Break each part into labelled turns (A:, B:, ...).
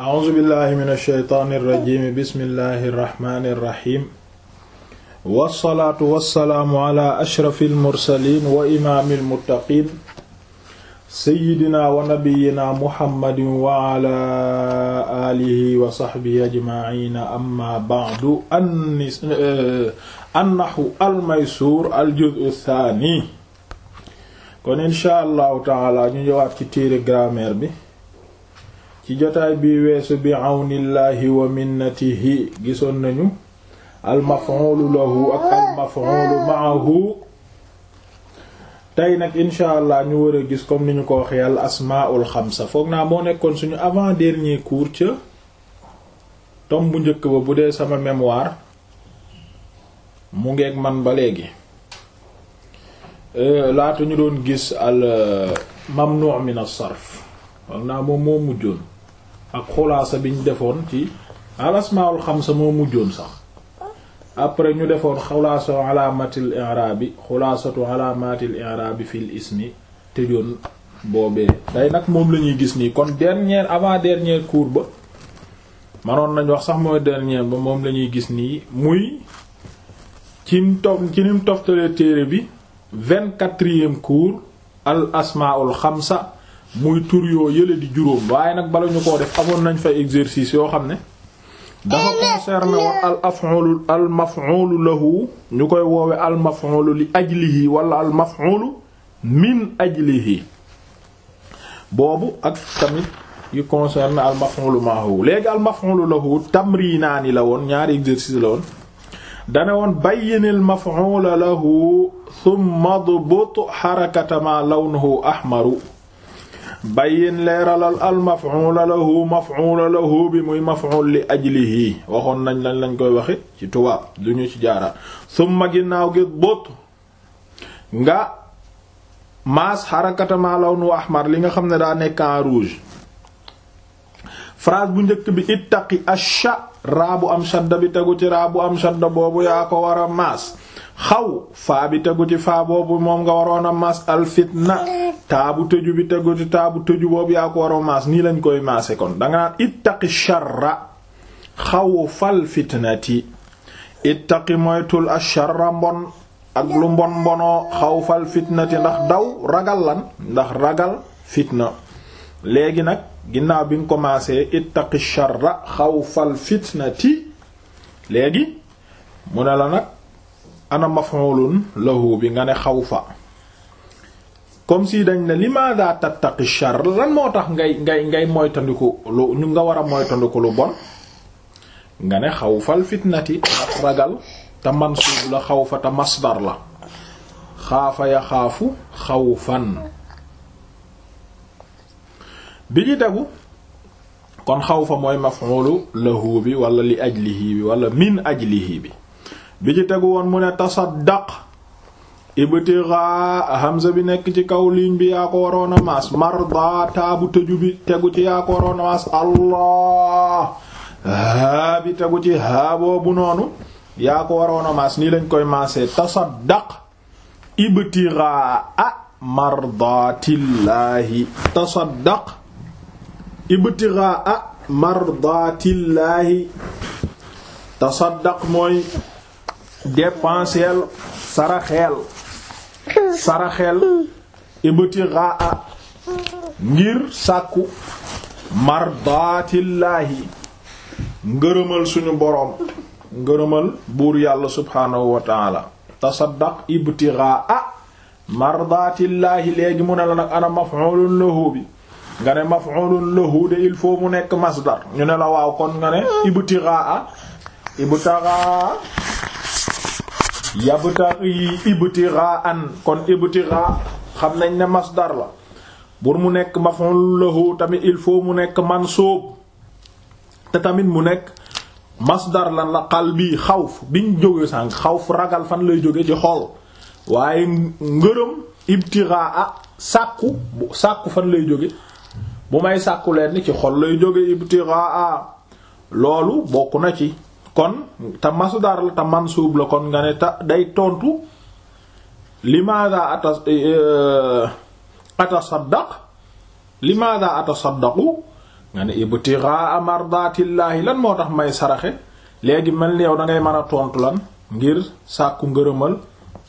A: a'uuzu billahi min alsheytaani irrajimi bismillahi irrahmani irrahim wassalaatu wassalaamu ala ashrafi almursalin wa imaami almuttaqin seyidina wa nabiyina muhammadin wa ala alihi wa saxbihi ajmaina amma baadu annaxu almaysuur aljuzu thaani kon incha allahu taala ñu ñëwaat ci téere grammaire bi ci jotaay bi weesu bi àwnillaahi wa minnatihi gisoon nañu al maf'ul lahu ak al maf'ul ma'ahu tey nag incha allah ñu war a gis comme ni ñu ko waxee al asmaul xamsa foog naa moo nekkoon suñu avant dernier cours ca tome bu njëkk ba bu dee sama mémoire mu ngeeg man ba léegi euh, laata ñu doon gis al euh, mamnu' foog naa moom moo mujjoon ak xulaasa bi defoon ci alasmaul xamsa moo mujjoon sax après ñu defoon xulaasatu alaamatil bi xulaasatu alaamatil bi fil ismi tëjoon boobee tey nag moom lañuy gis nii kon dernière avant dernière cours ba manoon nañu wax sax mooy dernière ba moom lañuy gis nii muy ci to ci ni mu toftalee téere bi vingt-quatrième cours al asmaul xamsa muy tur yoo di juróom waaye nag bala ñu ko def amoon nañ fay exercice yoo xam ne dafa concerné woon al af'ul al maf'ul lahu ñu koy woowe al maf'ul li ajlihi wala al maf'ul min ajlihi boobu ak tamit yu concerné al maf'ul maahu léegi al maf'ul lahu tamrinaani la woon ñaari exercice la woon dane woon bayyinil maf'ul lahu thumma adbut harakata ma lawnuhu ahmaru bayyin leeralal al maf'ul lahu maf'ul lahu bi muy maf'ul li ajlihi waxoon nañ lañ lañ koy waxe ci tubaab du ñu ci jaaraat summa ginnaaw gi bóot nga maas xarakata ma lawnu li nga xam ne daa nekk en rouge phrase bu njëkk bi ittaqi asha raa bu am shadda bi tegu ci raa bu am shadda boobu yaa ko war a maas xaw faa bi tegu ci moom nga waroon a mas al fitna taabu tëju taabu tëju boobu yaa ko nii lañ koy maase kon danga naan ittaqi sharra xaw fal fitnati ittaqi moytul a sharra mbon ak lu mbon mbonoo xaw fal fitnati ndax daw ragal lan ndax ragal fitna léegi nag ginnaaw bi nga ko maasee ittaqi sharra xaw fal fitnati léegi mu ne la nag ana maf'ulun lahu bi nga ne xawfa comme si dañ ne limaada tattaqi shar lan moo tax ngay ngay ngay moytandiku lu ñu nga war a moytandiku lu bon nga ne xawfal fitnati ragal te mansuub la xawfa te masdar la xaafa ya xaafu xawfan bi di degu kon xawfa mooy maf'ulu lahu bi wala li ajlihi bi wala min ajlihi bi bi ci tegu woon mu ne tasaddaq ibtigha hamza bi nekk ci kaw ligne bi yaa ko waroon a maas marda taabu tëju bi tegu ci yaa ko waroon maas allah haa bi tegu ci haa boobu noonu yaa ko waroon maas nii lañ koy maasee tasaddaq ibtigha mardatillahi tasaddaq ibtigha mardatillahi tasaddaq mooy dépenseel saraxeel saraxeel ibtiraa ngir sàkku mardaatillaahi ngërëmal suñu boroom ngërëmal buur yàlla subhaanahu wa taala tasaddaq ibtiraa mardaatillaahi léegi mu ne la nag ana maf'ulun lahu bi nga ne maf'ulun lahu de il faut mu nekk masdar ñu ne la waaw kon nga ne ibtiraa ibtiraa yabtaghi ibtigha'an kon ibtigha xam nañ ne masdar la pour mu nekk maf'ul lahu tamit il faut mu nekk man mansub te tamit mu nekk masdar lan xal bi xawf biñ jóge sànq xawf ragal fan lay jóge ci xol waaye ngërëm ibtiraa ah, sàkku sàkku fan lay jóge bu may sàkku leen ci xol lay jóge ibtiraa ah. loolu bokk na ci kon te masdar la te mansuub la kon nga ne ta day tontu limaada atas eh, eh, atasaddaq limaada atasaddaqu nga ne ibtiraa mardatillahi lan moo tax may saraxe léegi mel ni yow da ngay mën tontu lan ngir sàkku ngërëmal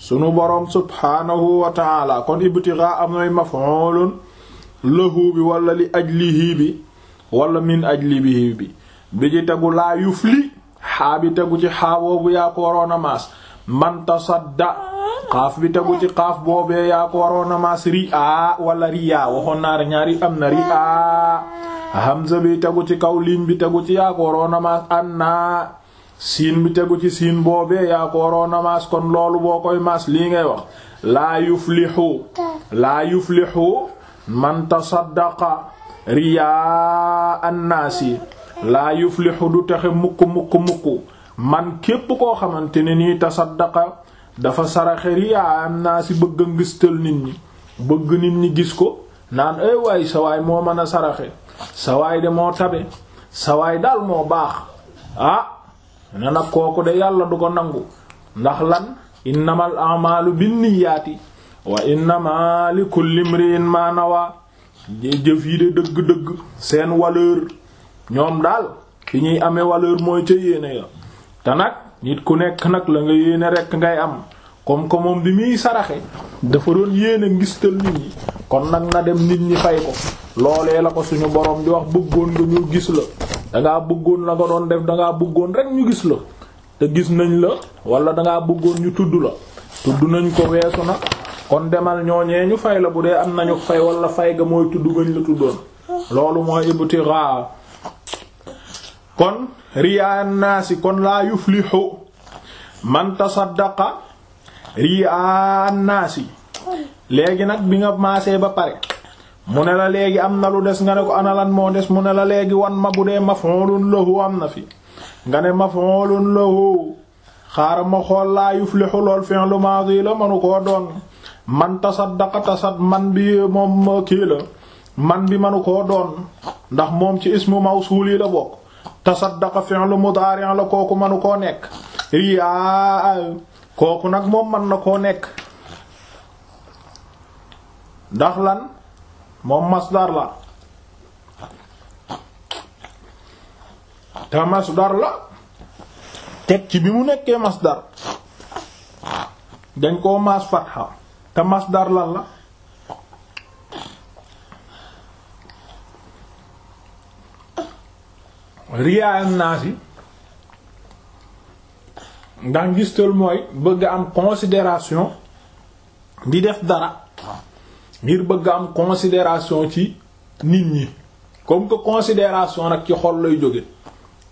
A: sunu borom subhaanahu wa taala kon ibtiraa mooy maf'ulun lahu bi wala li ajlihi bi wala min ajlihi bi bi ci tegu laa yufli xaa bi tegu ci xaa boobu yaa ko maas man tasadda xaaf bi tegu ci xaaf boobee yaa ko waroon maas ri a riyaa waxoon naa ñaari am na ri a hamza bi tegu ci kaw liim bi tegu ci yaa ko maas anna siin bi tegu ci siin boobee yaa ko maas kon loolu boo koy maas lii ngay wax laa yuflihu laa yuflihu man riyaa annaasi laa yuflixu du texe mukk mukk mukk man képp koo xamante ne nii tasaddaqa dafa saraxe riyaa am naa si bëgg a ngistal nit ñi bëgg nit ñi gis ko naan ay sawaay moo mën a saraxe sawaay de moo tabe sawaay daal moo baax ah na nag kooku de yàlla du ko nangu ndax lan innamal a'malu binniyaati wa innama likulli imrin ma nawa jëf yi de dëgg-dëgg seen valeur ñoom daal fi ñuy amee valeur mooy ca yéene ya te nag nit ku nekk nag la nga yéene rekk ngay am comme que moom bi muy saraxe dafa doon yéene ngistal nit ñi kon nag na dem nit ñi fay ko loolee la ko suñu borom di wax bëggoon nga ñu gis la dangaa bëggoon la nga doon def dangaa bëggoon rek ñu gis la te gis nañ la wala dangaa bëggoon ñu tudd la tudd nañ ko weesu na kon demal ñoo ñooñee ñu fay la bu dee am nañu fay wala fay ga mooy tudd gañ la tuddoon loolu mooy ibtigha kon riyaa naasi kon laa yuflihu man tasaddaqa riyaa naasi léegi nag bi nga maasee ba pare mu ne la léegi am na lu des nga ne ko analan moo des mu ne la léegi wan ma bu dee maf'ulun lahu am na fi nga ne maf'ulun lahu xaaral ma xool laa yuflihu lool fi'lu maadi la manu koo doon man tasaddaqa tasad man bi moom kii la man bi manu koo doon ndax moom ci ismu mawsuul yi la bokk tasaddaqa fi'lu mudaari' la kooku manu koo nekk riyaa kooku nag moom man na koo nekk ndax lan moom masdar la te masdar la teg ci bi mu nekkee masdar dañ koo maas fatha te masdar lan la riyaayam naas yi ndax ngistal mooy bëgg am considération di def dara ngir bëgg am considération ci nit ñi comme que considération nag ci xol lay jóge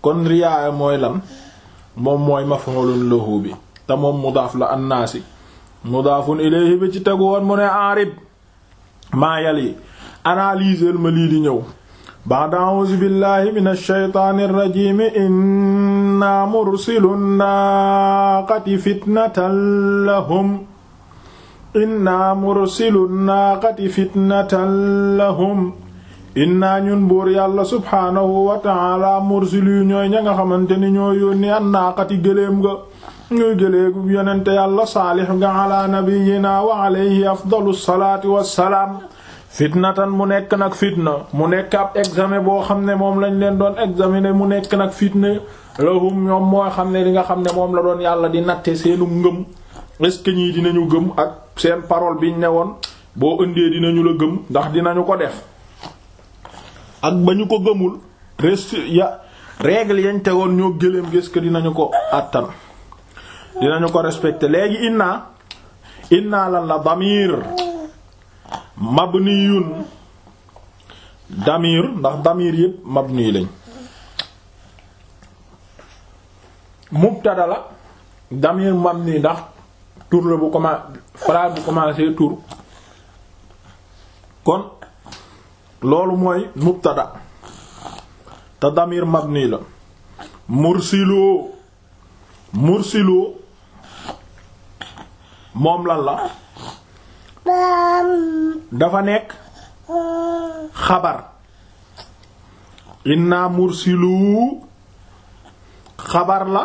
A: kon riyaaya mooy lan moom mooy maf'ulun lahu bi te moom mu mudaaf la annaasi mudaafun ilayhi bi ci tegu woon mu ne enrib maa yal yi analyser ma lii di ñëw ba'da a'uuzu billaahi mina shaytaani rajiim innaa mursilu naaqati fitnatan lahum innaa mursilu naaqati fitnatan lahum innaa ñun buur yàlla subhaanahu wa ta'aala mursilu ñooy ña nga xamante ni ñoo yónni an naaqati gëléem ga ñuy gëléegu yonente yàlla saalix nga ala nabiyina wa alayhi afdalu salaati wassalaam fitnatan mu nekk nag fitna mu nekk ab examen boo xam ne moom lañ leen doon examiner mu nekk nag fitna lahum ñoom moo xam ne li nga xam ne moom la doon yàlla di natte seenu ngëm est-ce ñii dinañu gëm ak seen parole ñu ne woon boo indee dinañu la gëm ndax dinañu ko def ak ba ñu ko gëmul rest ya yañ te woon ñoo gëléem gis que dinañu ko àttan dinañu ko respecter léegi inna inna lan la damir mabniyun damir ndax damir yépp mabni lañ mubtada la damir mabni ndax tur la bu commencé phrase bu commencé tur kon loolu mooy mubtada te damir mabni la mursiloo mursiloo moom lan la dafa nekk xabar inna mursilu xabar la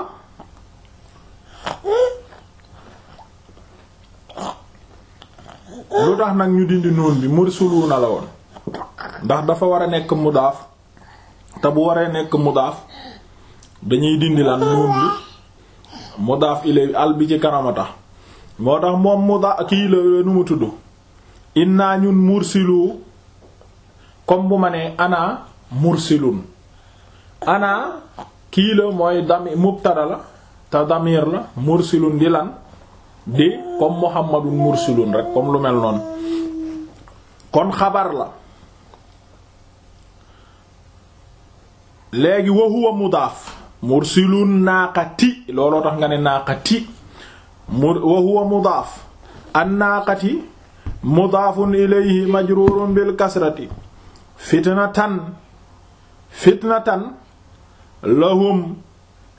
A: lu tax nag ñu dindi noon bi mursilu na la woon ndax dafa war a nekk mudaaf te bu waree nekk mudaaf dañuy dindi lan noon bi mudaaf ilay al bi ci kanam moo tax moom mu da kii nu mu tudd naa ñun mursilu comme bu ma nee ana mursilun ana kii mooy dami mubtada la te damir la mursilun di lan di comme muhammadun mursilun rek comme lu mel noon kon xabar la léegi wa huwa mudaaf mursilun naaqati looloo tax nga ne naaqati mu wa huwa mudaaf annaaqati mudaafun ilayhi majruurun bil kasrati fitnatan fitnatan lahum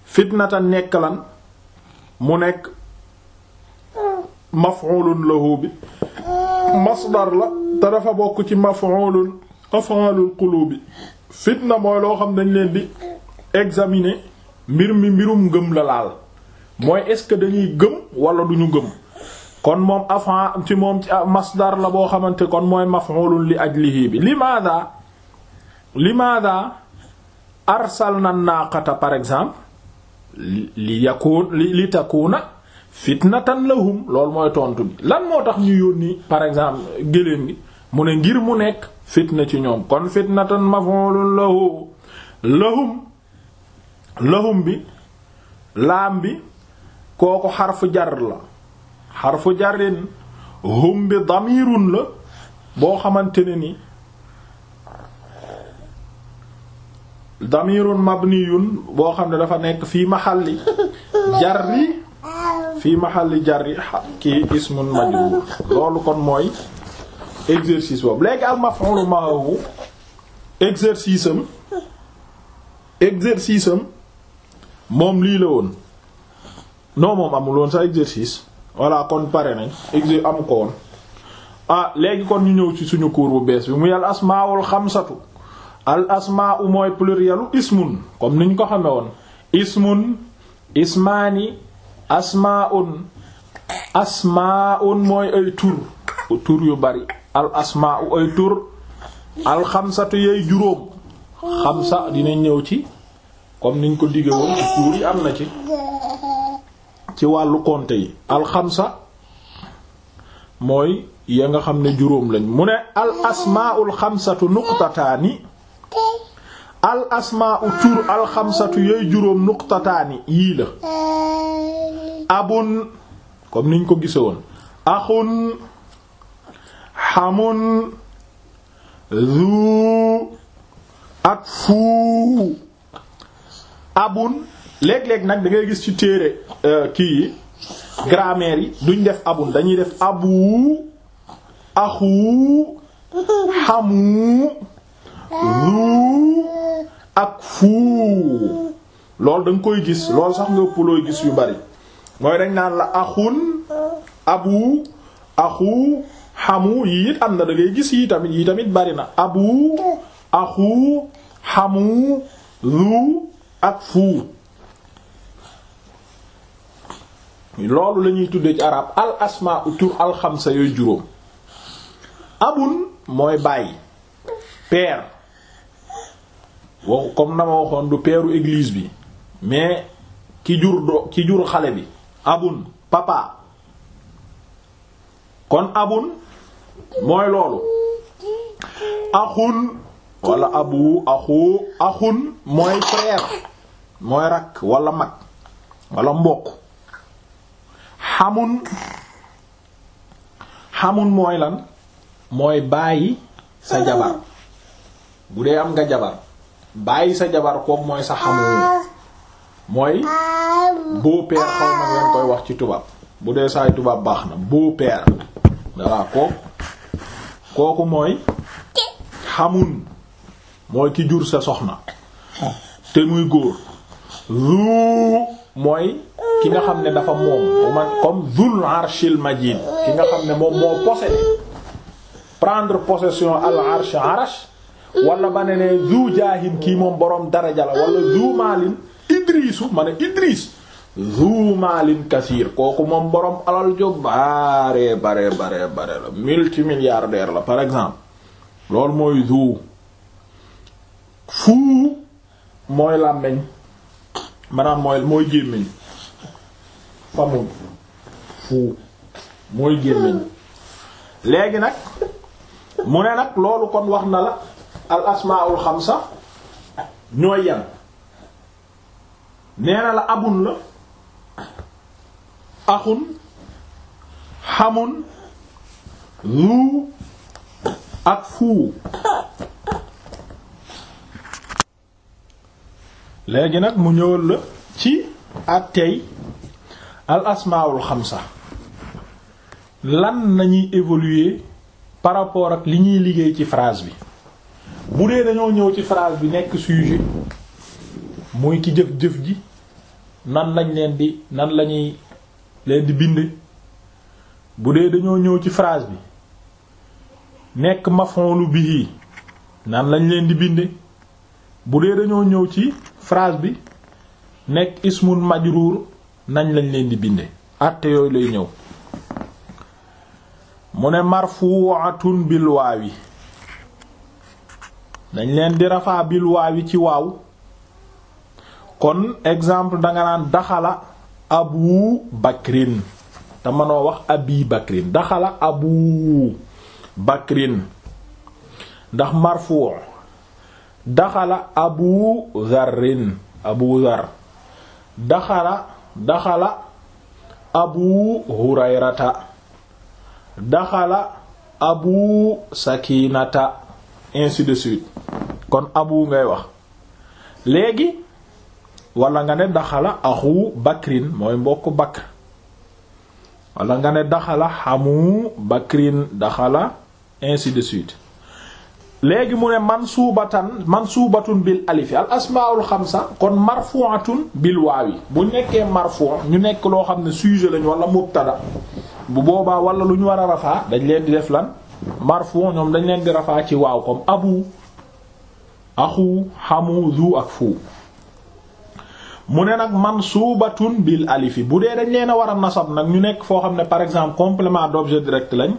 A: fitnatan nekk lan mu nekk maf'ulun lahu bi masdar la te dafa bokk ci maf'ulun af'alul qulubi fitna mooy loo xam dañ leen bi examiner mbir mi mbirum ngëm la laal mooy est-ce que dañuy gëm wala duñu gëm kon moom afan ci moom ci ah, masdar la boo xamante kon mooy maf'ulun li ajlihi bi limaada arsal na naaqata par exemple li yakun li li takuna fitnatan lahum loolu mooy tontu bi lan moo tax ñu yónni par exemple géléem gi mu ne ngir mu nekk fitna ci ñoom kon fitnatan maf'ulun lahu lahum lahum bi laam bi kooku xarfu jar la xarfu jarin hum bi damirun la boo xamante ne ni damirun mabniyun boo xam ne dafa nekk fii maxalli jarri fii maxalli jarri kii ismun majrur loolu kon mooy exercice boobu léegi al maf'ul ma'ahu exercice am exercice am moom lii la woon non moom amuloon woon sa exercice voilà kon pare nañ exercice amu ko woon ah léegi kon ñu ñëw ci suñu cours bu bees bi muy al asmaawul xamsatu al asmaa u mooy plurielu ismun comme niñ ko xame woon ismun ismaani asmaaun asmaaun mooy ay tur tur yu bari al asmaa u ay tur al xamsatu yay juróom xamsa dina ñëw ci comme niñ ko digge woon ci cours yi am na ci ci wàllu compte yi alxamsa mooy ya nga xam ne juróom lañ mu ne al asmaul xamsatu nuqtataani al asmaau tur alxamsatu yooyu juróom nuqtataani yii la abun comme niñ ko gise woon axun xamun zu ak fuu abun léeg-léeg nag dangay gis ci téere euh, kii yi grammaire yi duñ def abun dañuy def abu axu xamu lu ak fuu loolu da koy gis loolu sax nga ëpp looy gis yu bari mooy dañ naan la axun abu axu xamu yii it am na da gis yii tamit yii tamit bari na abu axu xamu lu ak fuu loolu lañuy ñuy tuddee ci arab al asmaa tur al xamsa yooyu juróom abun mooy bàyyi père waxu comme na ma waxoon du peeru église bi mais ki jur do ki jur xale bi abun papa kon abun mooy loolu axun walla abu axu axun mooy frère mooy rakk wala mag wala mbokk xamun xamun mooy lan mooy bàyyi sa jabar bu dee am nga jabar bàyyi sa jabar kook mooy sa xamun mooy beau xaw ma ngeen koy wax ci tubaab bu dee saay tubaab baax na beau-père voilà kooku mooy xamun mooy ki jur sa soxna te muy góor lu mooy ki nga xam ne dafa moom man comme Zul Arshil Majid ki nga xam ne moom moo possédé prendre possession al arsh arash wala ba ne kii moom borom daraja la wala Zu Idrisu ma ne Idris Zu Kasiir kooku moom borom alal jo bare bare bare bare la multimilliardaire la par exemple loolu mooy Zu fuu mooy làmmeñ maanaam mooy mooy gémmiñ famun fu mooy gémmiñ léegi nag mu ne nag loolu kon wax na la al asmaul xamsa ñooy yan nee na la abun la axun xamun zu ak fuu léegi nag mu ñëwal la ci àtteey al asmaawul xamsa lan nañuy évoluer par ak li ñuy liggéey ci phrase bi bu dee dañoo ñëw ci phrase bi nekk sujet muy ki jëf-jëf ji nan lañ leen di nan lañuy leen di bind bu dee dañoo ñëw ci phrase bi nekk maf'ulu bihi nan lañ leen di binde bu dañoo ñëw ci phrase bi nekk ismun majrur nañ lañ leen di binde àtte yooyu lay ñëw mu ne marfu'atun bil yi dañ leen di rafaa bil waawi ci waaw kon exemple danga naan daxala abu bakrin te mënoo wax abi bakrin daxala abu bakrin ndax marfu daxala abu zarrin abu zar daxala daxala abu hurayrata daxala abu sakinata ainsi de suite kon abu ngay wax léegi wala nga ne daxala axu bakrin mooy mbokk bakr wala nga ne daxala xamu bakrin daxala ainsi de sud léegi mu ne mansuubatan mansuubatun bil alifi al asmaul xamsa kon marfu'atun bil waawi bu nekkee marfu' ñu nekk loo xam ne sujet lañu wala mubtada bu boobaa wala lu ñu war a rafaa dañ leen di def lan marfu' ñoom dañ leen di rafaa ci waaw comme abu axu xamu zu ak fu mu ne nag mansuubatun bil alifi bu dee dañ leen a war a nasab nag ñu nekk foo xam ne par exemple complément d'objet direct lañ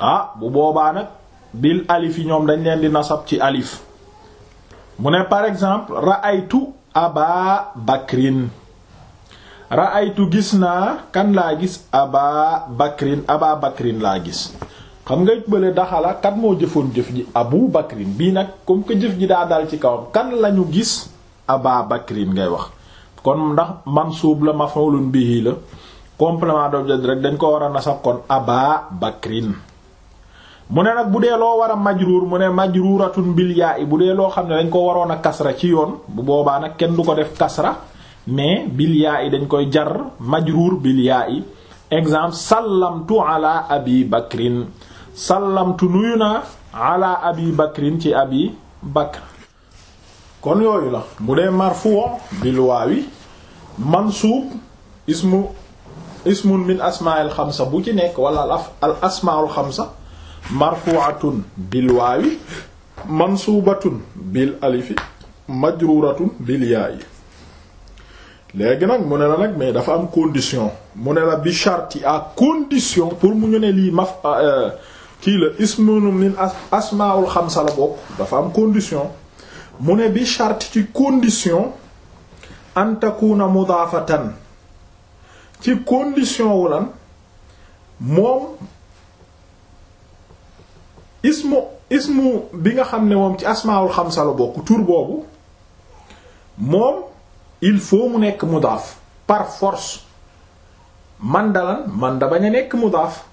A: ah bu boobaa nag bil alif yi ñoom dañ leen di nasab ci alif mu ne par exemple ra'aytu aba bakrin ra'aytu gis naa kan laa gis aba bakrin aba bakrin laa gis xam nga bële daxala moo jëfoon jëf ji abu bakrin bii nag comme que jëf ji daa dal ci kawam kan lañu gis aba bakrin ngay wax kon ndax mansuub la maf'ulun bihi la complément d'objet direct dañ ko war a nasab kon aba bakrin mu ne nag bu dee loo war a majruur mu ne majruuratun bil yaa i bu dee loo xam ne dañ ko waroon a kasra ci yoon bu boobaa nag kenn du ko def kasra mais bil yaa dañ koy jar majruur bil yaa i exemple sallamtu ala abi bakrin sallamtu nuyu naa abi bakrin ci abi bakr kon yooyu la mu dee marfu bil waawi mansuub ismu ismun min asmaa'il xamsa bu ci nekk wala al asmaa'ul xamsa marfu'atun bil waawi mansubatun bil alifi majruratun bil yi léegi nag mu ne la nag mais dafa am condition mu ne la bi sharti à condition pour mu ne lii maf euh, kii la ismun min asmaul xamsa la bokk dafa am condition mu ne bi charte ci condition an takuna mudaafatan ci condition wu lan moom ismu bi nga xam ne moom ci asmaawul xamsa la bokk tur boobu moom il faut mu nekk mudaaf par force man dalan man da nekk mudaaf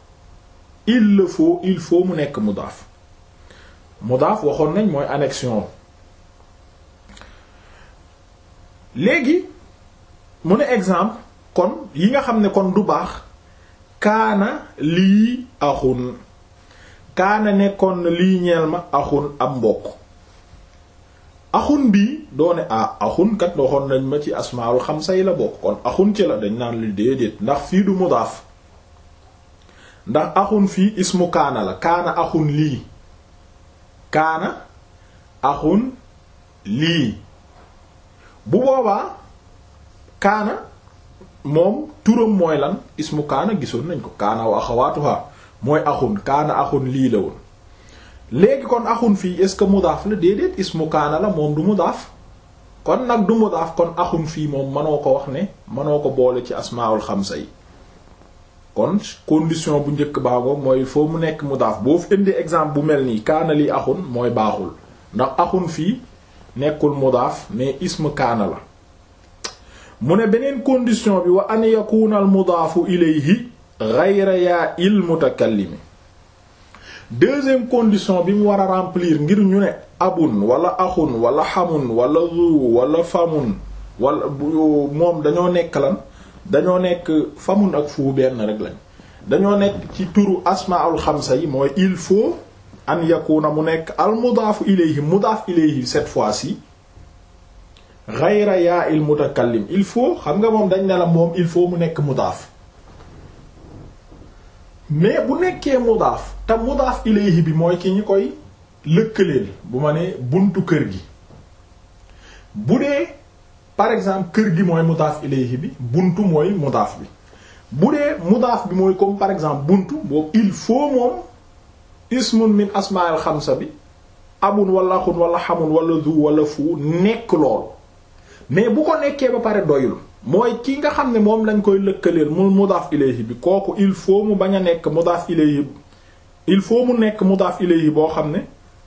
A: il le faut il faut mu nekk mudaaf mudaaf waxoon nañ mooy annexion léegi mu ne exemple kon yi nga xam ne kon du baax kaana lii axun kaana nekkoon na lii ñeel ma axun ab mbokk axun bii doone ah axun kat waxoon nañ ma ci asmaul xam say la bokk kon axun ci la dañ naan li déedéet ndax fii du mudaaf ndax axun fii ismu kaana la kaana axun lii kaana axun lii bu boobaa kaana moom turam mooy lan ismu kaana gisul nañ ko kaana wa axawaatuha mooy axun kaana axun lii la léegi kon axun fii est-ce que mudaaf la déedéet ismu kaana la moom du mudaaf kon nag du mudaaf kon axun fii moom mënoo ko wax ne mënoo ko boole ci asmaul xamsa yi kon condition bu njëkk baago mooy foo mu nekk mudaaf boo fi indi exemple bu mel nii kaana lii axun mooy baaxul ndax axun fii nekkul mudaaf mais ismu kaana la mu ne beneen condition bi wa an yakuna al mudaafu ghayra yaa il mutakallimi deuxième condition bi mu war a remplir ngir ñu ne abun wala axun wala xamun wala zu wala famun wala moom dañoo nekk lan dañoo nekk famun ak fu benn rek lañ dañoo nekk ci turu asmaul xamsa yi mooy il faut an yakuna mu nekk al mudaafu ilayhi mudaaf ilayhi cette fois yi ghayra yaa il mutakallim il faut xam nga moom dañ ne la moom il faut mu nekk mudaaf mais bu nekkee mudaaf te mudaaf ilayhi bi mooy ki ñi koy lëkkaleel bu ma ne buntu kër gi bu dee par exemple kër gi mooy mudaaf ilayhi bi buntu mooy mudaaf bi bu dee mudaaf bi mooy comme par exemple buntu boobu il foo moom ismun min asmaa'il xamsa bi abun wala xun wala xamun wala zu wala fu nekk loolu mais bu ko nekkee ba pare doyul mooy ki nga xam ne moom lañ koy lëkkaleel mu mudaaf ilayhi bi kooku il faut mu bañ a nekk mudaaf ilayhi il faut mu nekk mudaaf ilayhi boo xam ne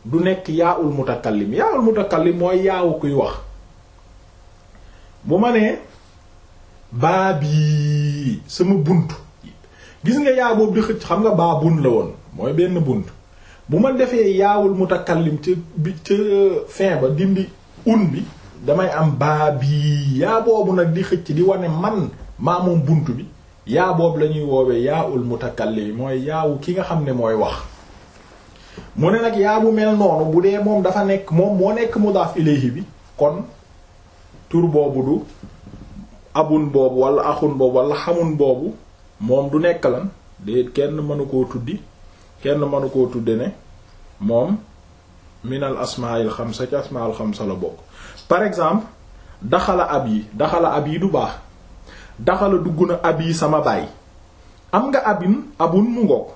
A: du nekk yaawul mutakallim yaawul mutakallim mooy yaawu kuy wax bu ma nee baabi sama bunt gis nga yaa bi xëcc xam nga baa bun la woon mooy benn bunt bu ma defee yaawul mutakallim ca bi ci fin ba dindi un bi damay am baabi yaa boobu nag di xëcc di wane man maamum bunt bi yaa boobu la ñuy woowee yaa ul mutakallim mooy yaawu ki nga xam ne mooy wax mu ne nag yaa bu mel noonu bu dee moom dafa nekk moom moo nekk mu mudaaf ilayhi bi kon tur boobu du abun boobu wala axun boobu wala xamun boobu moom du nekk lan déet kenn mënu koo tuddi kenn mënu koo tudde ne moom minal asmail xamsa ci asmail xamsa la bokk par exemple daxala ab yi daxala ab yi du baax daxala dugg na ab yi sama baay am nga abin abun mu ngoog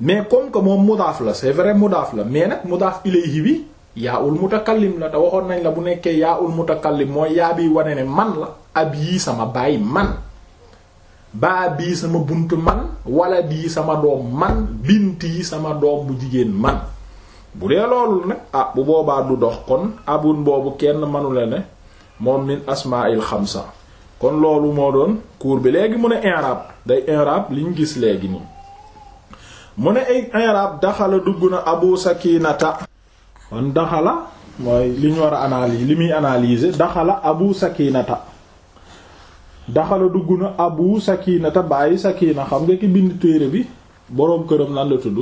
A: mais comme que moom mudaaf la c'est vrai mudaaf la mais nag mudaaf ilayhi bi yaa ul mutakallim la te waxoon nañ la bu nekkee yaa ul mutakallim mooy yaa bi wane ne man la ab yii sama baay man baa bii sama bunt man wala di sama doom man bint yi sama doom bu jigéen man bu dee loolu nag ah bu boobaa du dox kon abun boobu kenn manula ne moom min xam xamsa kon loolu moo doon kuur bi léegi mu ne i'rab day i'rab liñ gis léegi nii mu ne ay i'rab daxala dugg na abu sakinata kon daxala mooy li war a analyser li muy analyser daxala abu sakinata daxala dugg na abu sakinata bàyyi sakina xam nga ki bind téere bi boroom këram lan la tudd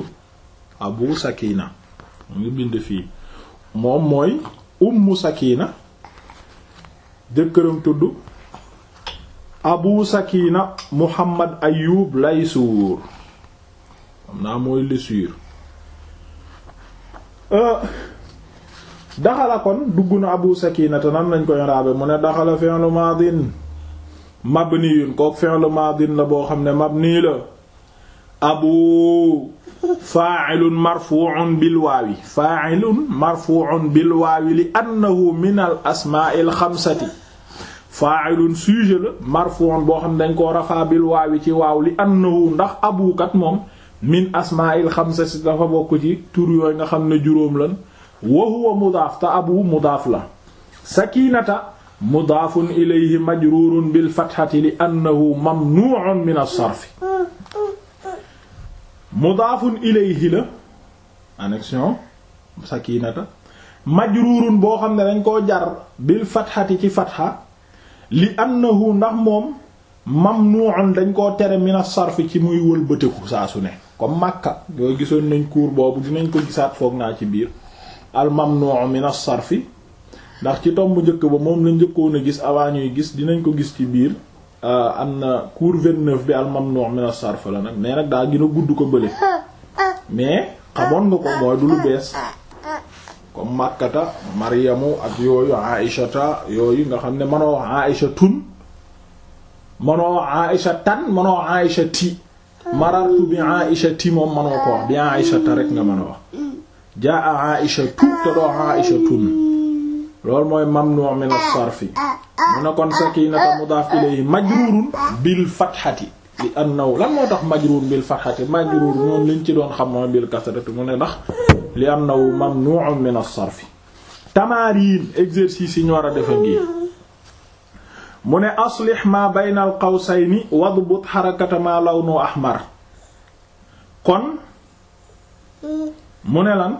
A: abu sakina nga bind fii moom mooy ummu sakina jëkkëram tudd abu sakina muhammad ayub laysuur xam naa mooy lesuur euh, daxala dugg na abu sakina te nan lañ koy raabe mu ne daxala fi'lu madin mabniyun kook fi'lu madin la boo xam ne mabni la abu faa'ilun marfuu'un bil waawi faa'ilun marfuu'un bil waawi li annahu min al asmaa'il xamsati faa'ilun sujet la marfuu'un boo xam ne dañ koo rafaa bil waawi ci waaw li annahu ndax abu kat moom min asmaa'il xamsati dafa bokk nga xam ne juróom lan wa huwa mudaaf te abu mudaaf la sakiinata mudaafun ilayhi majruurun bil fathati li annahu mamnuu'un min as-sarfi mudaafun ilayhi la annexion sakinata majruurun boo xam ne dañ koo jar bil fatxati ci fatxa li annahu ndax moom mamnu'un dañ koo tere mina sarfi ci muy wëlbatiku saa su ne comme Makka yooyu gisoon nañ cours boobu dinañ ko gisaat foog naa ci biir al mamnu'u mina sarfi ndax ci tomb njëkk ba moom la njëkkoon a gis avant ñuy gis dinañ ko gis ci biir Euh, am na cour 29 bi al mamnu' min as-sarf la nag mais nag daa gën a gudd ko bële mais xamoon nga ko mooy du lu bees comme màkkata maryamu ak yooyu aïshata yooyu nga xam ne manoo aïshatun manoo aïshatan manoo aïshati marartu bi aïshati moom manoo ko wax bi aïshata rek nga mën a wax jaa aïshatu te loolu mooy mamnu' min as-sarf mu ne kon sakiinata mudaaf ilayhi majruurun bil fatxati li naw lan moo tax majruur bil fatxati majruur noonu liñ ci doon xam mooy bil kasrati mu ne ndax li annahu mamnuu'un min as-sarfi tamaariin exercice yi ñu war a defe ngi mu ne aslix ma bayna al qawsayni wadbut xarakata ma lawnu ahmar kon mu ne lan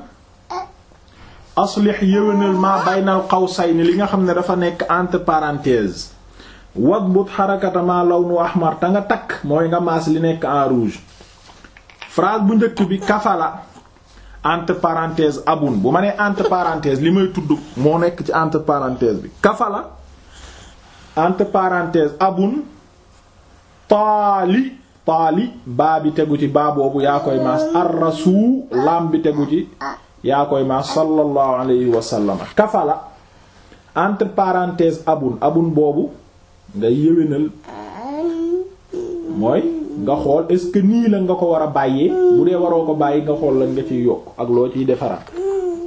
A: aslix yéwénal ma baynal qawsayni li nga xam ne dafa nekk entre parenthèses wadbut xarakata ma lawnu ahmar te nga takk mooy nga maas li nekk en rouge phrase bu njëkk bi kafala entre parenthèses abun bu ma nee li may tudd moo nekk ci entre bi kafala entre parenthèses abun taali taali baa bi tegu ci baa boobu yaa koy maas arrasu lam bi tegu ci yaa koy ma sallallahu alayhi wa sallam kafala entre parenthèses abun abun boobu nga yéwénal mooy nga xool est-ce que nii la nga ko war a bàyyee bu dee waroo ko bàyyi nga xool lan nga ciy yokk ak loo ciy defaraat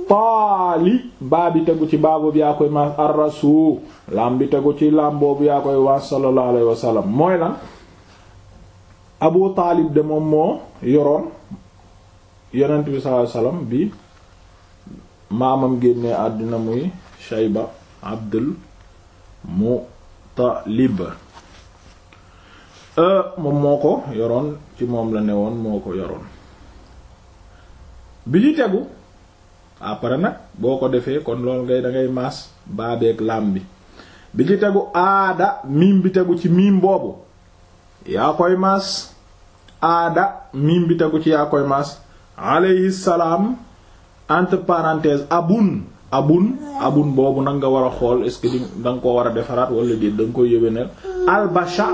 A: taali baa bi tegu ci baa boobu yaa koy ma arrasu lam bi tegu ci lam boobu yaa koy waa sallallahu alayhi wa mooy lan abu taalib de moom moo yoroon yonent bi sallallahu alayhi bi maamam génne àddina muy Shayba Abdul Muttalib euh, moom moo ko yoroon ci moom la ne woon moo ko yoroon bi ñu tegu après nag boo ko defee kon loolu dangay maas baabeeg laam bi bi di tegu aada miim bi tegu ci miim boobu yaa koy maas aada miim bi tegu ci yaa koy maas alayhi salaam entre parenthèses abun abun abun boobu nag nga war a xool est-ce que da nga war a defaraat wala déet danga nga koy yëwénal albasha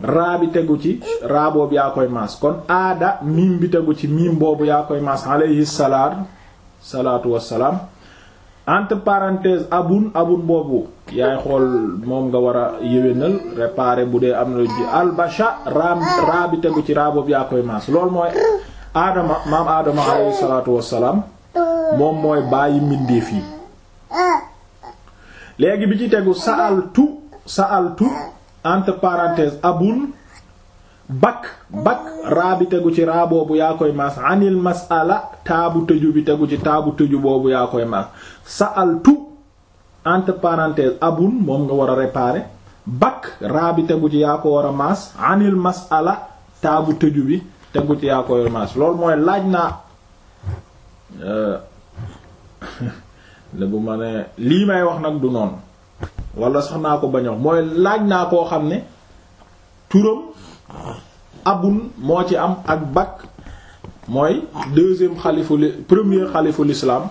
A: raa bi tegu ci raa boobu yaa koy maas kon aada miim bi tegu ci miim boobu yaa koy maas alayhi salaat salaatu wassalaam entre parenthèses abun abun boobu yaay xool moom nga war a yéwénal réparer bu dee am na lu ji albasha raam tegu ci raa boobu yaa koy maas loolu mooy aadama maam aadama alayhi salaatu wassalaam moom mooy bàyyi mbindeef yi léegi bi ci tegu sa'altu sa'altu entre parenthèses abul bak bak raa bi tegu ci raa boobu yaa koy maas anil mas'ala taabu tëju bi tegu ci taabu tëju boobu yaa koy maas sa'altu entre parenthèses abul moom nga war a réparer bakk raa bi tegu ci yaa ko war a maas anil mas'ala taabu tëju bi tegu ci yaa koy maas loolu mooy laaj naa. Euh, ne bu lii may wax nag du noonu walla sax naa ko bañ a mooy laaj naa koo xam ne turam abun moo ci am ak bakk mooy deuxième xalifu li premier xalifu l'islam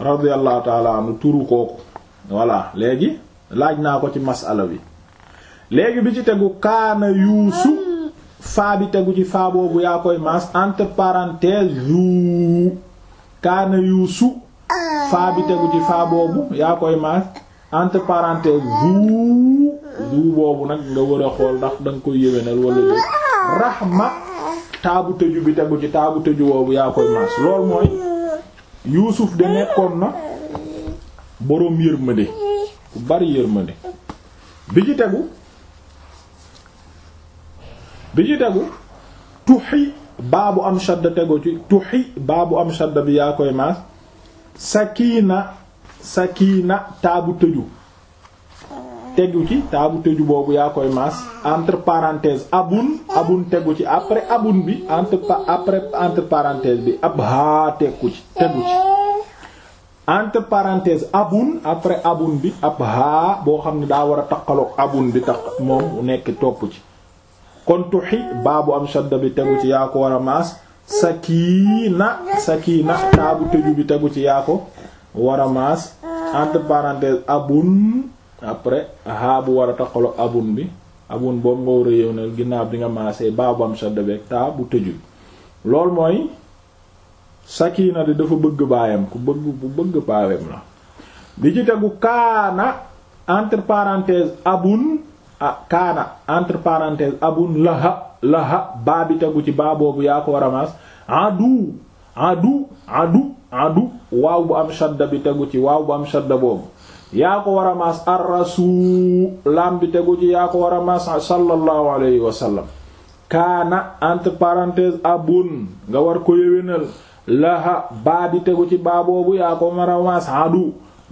A: radiyallahu taala anu turu kooku voilà léegi laaj naa ko ci masala bi léegi bi ci tegu kaana yuusu faa bi tegu ci faa boobu yaa koy maas entre parenthèse yu kaana yuusu Euh, faa bi tegu ci faa boobu yaa koy maas entre parenthèse zu boobu nag nga war a xool ndax da nga koy yéwénal wala dé rahma taabu tëju bi tegu ci taabu tëju boobu yaa koy maas loolu mooy yuusuf de nekkoon na boroom yërmande ku bari yërmande bi ci tegu bi ci tegu tuxi am shadda tegu ci tuxi baabu am shadda bi yaa koy maas na sakina na taabu tëju tegu ci taabu tëju boobu yaa koy maas entre parenthèse abun abun tegu ci après abun bi entre bi ab haa tegu ci tegu ci entre parenthèse abun après abun bi ab haa boo xam ne daa war a taqaloog abun bi tax moom nekk topp ci kon tuxi baabu am shadda bi tegu ci yaa ko war a maas sa sakina sakina taabu tëju bi tegu ci yaa ko war a maas entre parenthèses abun après haabu war a taqalo abun bi abun boobu nga war a yëwnal ginnaaw bi nga maasee baabam sa debeeg taabu tëju bi loolu mooy sakina de dafa bëgg baayam ku bëgg ku bëgg baayam la bi ci tegu kaana entre parenthèses abun ah kaana entre parenthèse abun laha laha baa bi tegu ci baa boobu yaa ko war a maas adu adu adu adu waaw bu am shadda bi tegu ci waaw bu am shadda boobu yaa ko war a maas arrasu lam bi tegu ci yaa ko war a maas sallallahu alayhi wa sallam kaana entre parenthèse abun nga war ko yéwénal laha baa bi tegu ci baa boobu yaa ko war a maas adu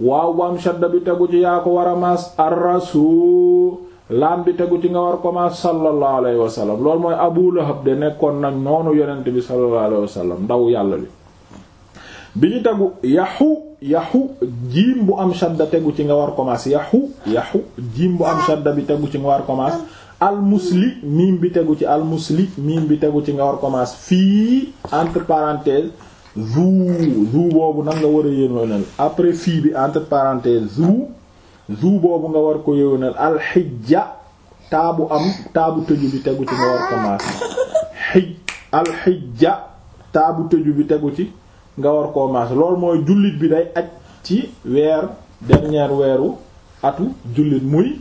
A: waaw bu am shadda bi tegu ci yaa ko war a maas arrasu laam bi tegu ci nga war ko ma sallallahu alayhi wa loolu mooy Abu Lahab de nekkoon nañ noonu yonent bi sallallahu alayhi wa sallam ndaw yàlla bi bi ñu tegu yaxu yaxu jiim bu am shadda tegu ci nga war commence yaxu yaxu jiim bu am shadda bi tegu ci nga war commence almusli miim bi tegu ci almusli miim bi tegu ci nga war commence fii entre parenthèse zu zu boobu nan nga war a yénoo nel après fii bi entre parenthèse zu jour boobu nga war ko yëwénal alxijja taabu am taabu tëju bi tegu ci nga war ko maas xij alxijja taabu tëju bi tegu ci nga war ko maas lool mooy jullit bi day aj ci weer dernier weeru atu jullit muy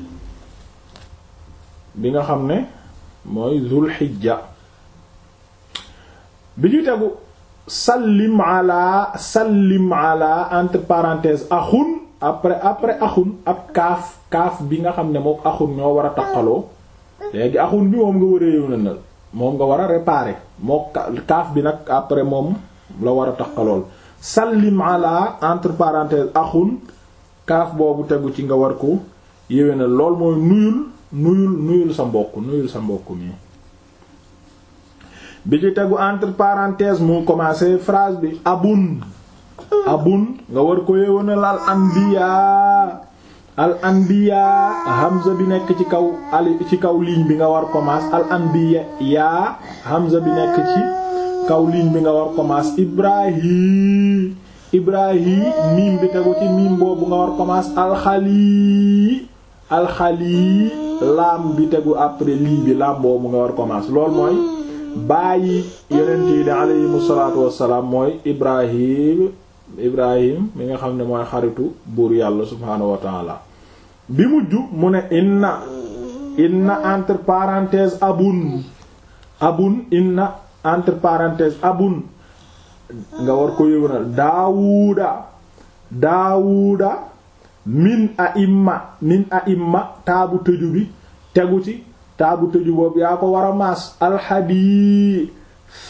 A: bi nga xam ne mooy zul xijja bi ñu tegu sallim ala sallim ala entre parenthèses axun après après axun ak kaaf kaaf bi nga xam ne moom axun ñoo war a taqaloo léegi axun bi moom nga war a moom nga war a réparer moo kaaf bi nag après moom la war a taqalool sallim ala entre parenthèses axun kaaf boobu tegu ci nga war ko yéwénal lool mooy nuyul nuyul nuyul sa mbokk nuyul sa mbokk mii bi ci tegu entre parenthèses mu commencer phrase bi abun abun nga war ko yeewanal al anbiya al anbiya bi nekk ci ci kaw ligne bi nga war commence al anbiya yaa hamza bi nekk ci kaw ligne bi nga war commence ibrahim ibrahim miim bi tegu ci miim commence alxali alxali laam bi tegu après lii bi laam boobu nga war commence lool mooy bàyyi yonent yi di aleyhimu salaatu wassalaam mooy ibrahim ibrahim mi nga xam ne mooy xaritu buur yàlla subhaanahu wa taala bi mujj mu ne inna inna entre parenthèse abun abun inna entre parenthèse abun nga war ko yëwnal daawuda daawuda min a imma min a imma taabu tëju bi tegu ci taabu tëju boobu yaa ko war a maas alxadi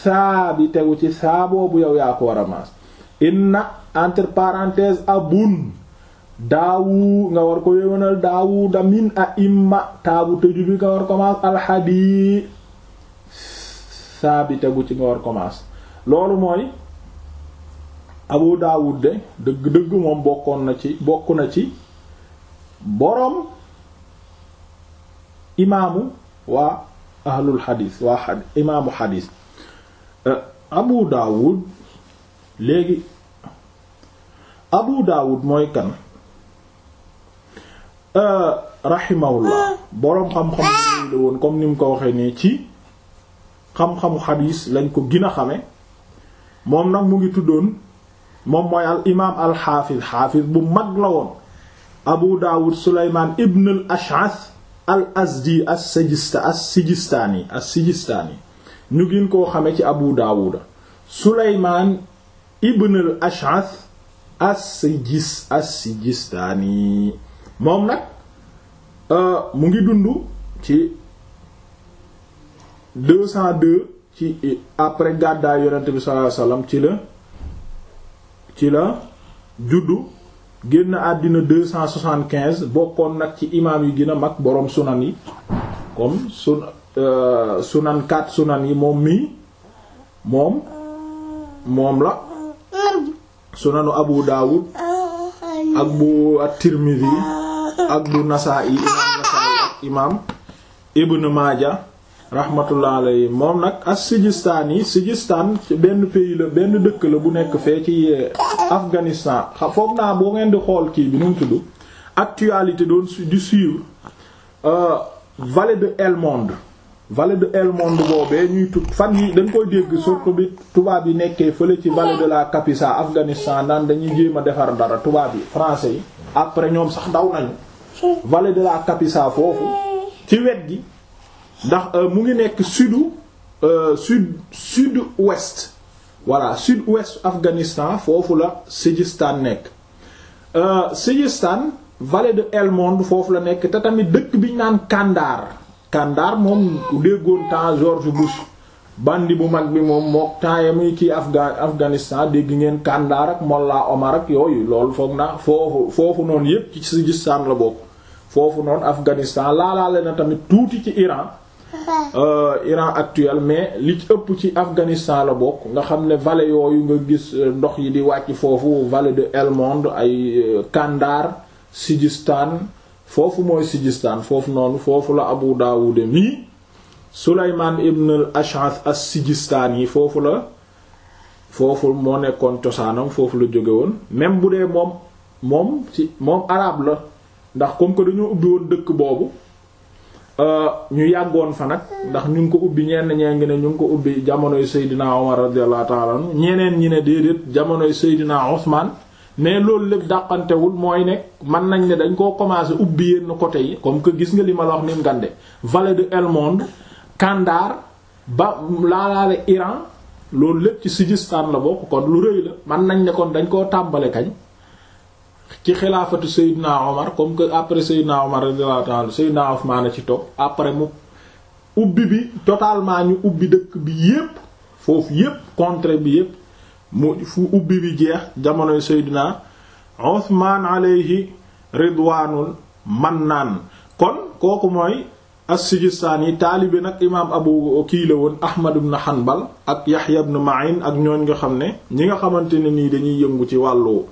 A: saa bi tegu ci saa boobu yow yaa ko war a maas inna entre parenthèse abun daawu nga war ko yéwénal daawuda min a imma taabu tëju bi nga war commence alxadi saabi tegu ci nga war commence loolu mooy abu daawud de dëgg dëgg moom bokkoon na ci boroom imaamu waa ahlul xadiis waa xadiis imaamu xadiis euh, abu daawud léegi abu daawud mooy kan euh, rahimahullah ah. boroom xam-xam yi la woon comme ni mu ko waxee nii ci xam-xamu xadiis lañ ko gën a xame moom nag mu ngi tuddoon moom mooy al imaam al xaafis xaafis bu mag la woon abu daawud suleymaan ibn al ash'as ñu gën koo xame ci abu daawuda suleymaan as-Sijis as-Sijistaani moom nag euh, mu ngi dund ci deux ci après gàddaay yonent bi sallallahu alayhi wasallam ci la ci la juddu génn àddina deux cent soixante quinze bokkoon nag ci imaam yi gën mag boroom sunan yi comme sun euh, sunan quatre sunan yi moom mii moom moom la sunanu abu daawud ak bu at-tirmidhi ak bu nasaa'i imaam nasaa'i ak imaam ibn maaja rahmatullah moom nag a as-sijistaani ci benn pays la benn dëkk la bu nekk fee ci eh, afghanistan foog naa boo ngeen di xool kii bi nu mu tudd actualité doon du suivre euh, vallée de El vallée de El Monde boobee ñuy tudd fan yi dañ koy dégg surtout bi tubaab yi nekkee fële ci vallée de la Kapisa Afghanistan naan dañuy jéem a defar dara tubaab yi français yi après ñoom sax daw nañu vallée de la Kapisa foofu ci wet gi ndax euh, mu ngi nekk sudu sud euh, sud ouest voilà sud ouest Afghanistan foofu la Ségistan nekk euh, Ségistan vallée de El foofu la nekk te tamit dëkk bi ñu naan kàndaar Kandar moom déggoon temps George Bush bandi bu mag bi moom mook temps ya muy kii Afga dégg ngeen Kandar ak Mollah Omar ak yooyu lool foog na foofu foofu noonu yépp ci si la bokk foofu noonu Afghanistan laalaale na tamit tuuti ci Iran euh, Iran actuel mais li ëpp ci Afghanistan la bokk nga xam ne vallée yooyu nga gis euh, ndox yi di wàcc foofu vallée de Helmand ay euh, Kandar Sidistan foofu mooy Sijistaan foofu noonu foofu la Abu Daawud mi Sulaymaan ibn al as-Sijistaan yi foofu la foofu moo nekkoon cosaanam foofu la jóge woon même bu dee moom moom ci moom araab la ndax comme que dañoo ubbi woon dëkk boobu euh, ñu yàggoon fa nag ndax ñu ngi ko ubbi ñenn ñee ngi ne ñu ngi ko ubbi jamonoy Seydina Omar radiyallahu ta'ala anhu ñeneen ñi ne déedéet jamonoy Seydina Usmaan mais loolu lépp dàqantewul mooy ne mën nañ ne dañ koo commencé ubbi yenn côté yi comme que gis nga li ma wax ni mu gànde vallée de El Monde ba laalaale Iran loolu lépp ci Sijistan la bokk kon lu rëy la mën nañ ne kon dañ koo tàmbale kañ ci xilaafatu Seydina Omar comme que après Seydina Omar radiyallahu ta'ala Seydina Ousmane ci topp après mu ubbi bi totalement ñu ubbi dëkk bi yépp foofu yépp contrée bi yépp mu fu ubbi bi jeex jamonoy Seydina Usmaan alayhi ridwaanul mannaan kon kooku mooy as-Sijistaani taalibe nag imaam Abu kii la woon Ahmad ibn Hanbal ak Yahya ibn Ma'in ak ñooñ nga xam ne ñi nga xamante ne nii dañuy yëngu ci wàllu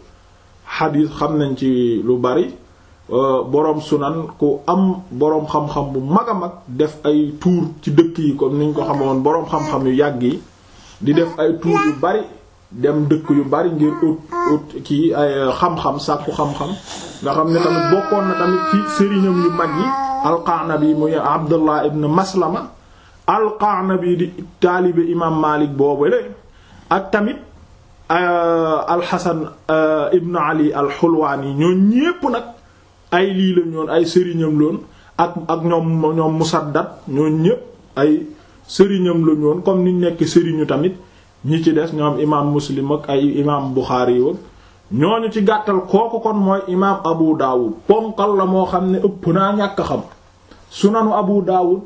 A: xadiis xam nañ ci lu bari euh, boroom sunan ku am boroom xam-xam bu mag a mag def ay tuur ci dëkk yi comme niñ ko xamoon boroom xam-xam yu yàgg yi di def ay tuur yu bari dem dëkk yu bari ngir ut ut kii ay euh, xam-xam sàkku xam-xam nga xam ne tamit bokkoon na tamit ci sëriñam yu mag yi alqaanabi muy abdullah ibn maslama alqaanabi di taalibe imam malik boobu la ak tamit euh, alxasan euh, ibn ali alxulwaani ay lii la ñoon ay sëriñam loon ak ak ñoom ñoom musaddad ñoo ñépp ay sëriñam la ñoon comme nekk sëriñu tamit ñi ci des ñoom imaam muslim ak ay imaam buxaari yi ñooñu ci gàttal kooku kon mooy imaam abu daawud ponkal la moo xam ne ëpp naa ñàkk a xam sunanu abu daawud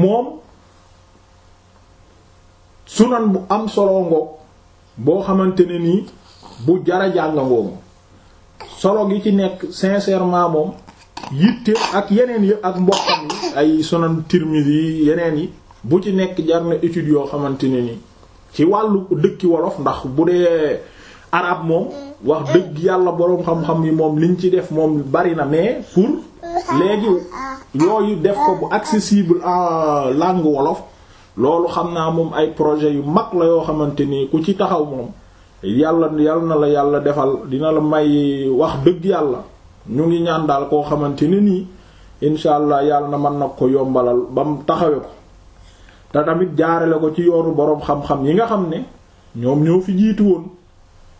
A: moom sunan bu am solo ngoog boo xamante ne nii bu jara jànga ngoomu solo gi ci nekk sincèrement moom yitte ak yeneen yi ak mbokkam yi ay sunan tirmidhi yi yeneen yi bu ci nekk jar na étude yoo xamante ne ni ci wàllu dëkki wolof ndax bu dee arab moom wax dëgg yàlla boroom xam-xam yi moom liñ ci def moom bari na mais pour léegi yooyu def ko bu accessible en langue wolof loolu xam naa moom ay projet yu mag la yoo xamante ni ku ci taxaw moom yàlla yàlla na la yàlla defal dina la may wax dëgg yàlla ñu ngi ñaan daal koo xamante ne nii incha allah yàlla na mën na ko yombalal ba mu taxawee ko. te tamit jaarale ko ci yooru boroom xam-xam yi nga xam ne ñoom ñoo fi jiitu woon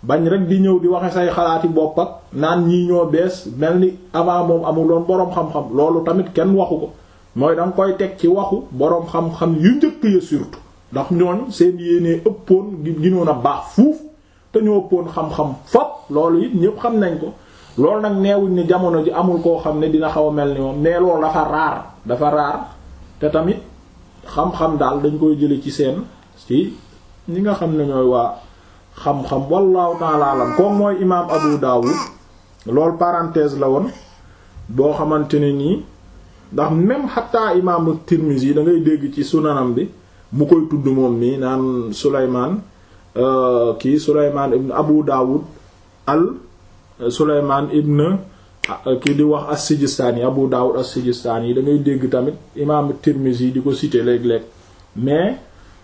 A: bañ rek di ñëw di waxe say xalaati bopp naan ñii ñoo bees mel ni avant moom amuloon boroom xam-xam loolu tamit kenn waxu ko mooy da nga koy teg ci waxu boroom xam-xam yu njëkk ya surtout ndax ñooñu seen yéenee ëppoon ginoon a baax fuuf te ñoo ëppoon xam-xam fop loolu it ñépp xam nañ ko loolu nag neewuñ ne jamono ji amul koo xam ne dina xaw a mel ni moom mais loolu dafa raar te tamit xam-xam daal dañ koy jële ci seen ci ñi nga xam ne ñooy waa xam-xam wallahu ta'ala alam ko mooy imaam Abu Dawud loolu parenthèse la woon boo xamante ne nii ndax même xataa imaam Tirmizi da ngay dégg ci sunanam bi mu koy tudd moom nii naan Souleymane euh, kii Souleymane ibn Abu Dawud al Souleymane ibn Ah, euh, kii di wax as-Sijistaani Abu Daawud as-Sijistaani yi da ngay dégg tamit imaam yi di ko cité léeg-léeg mais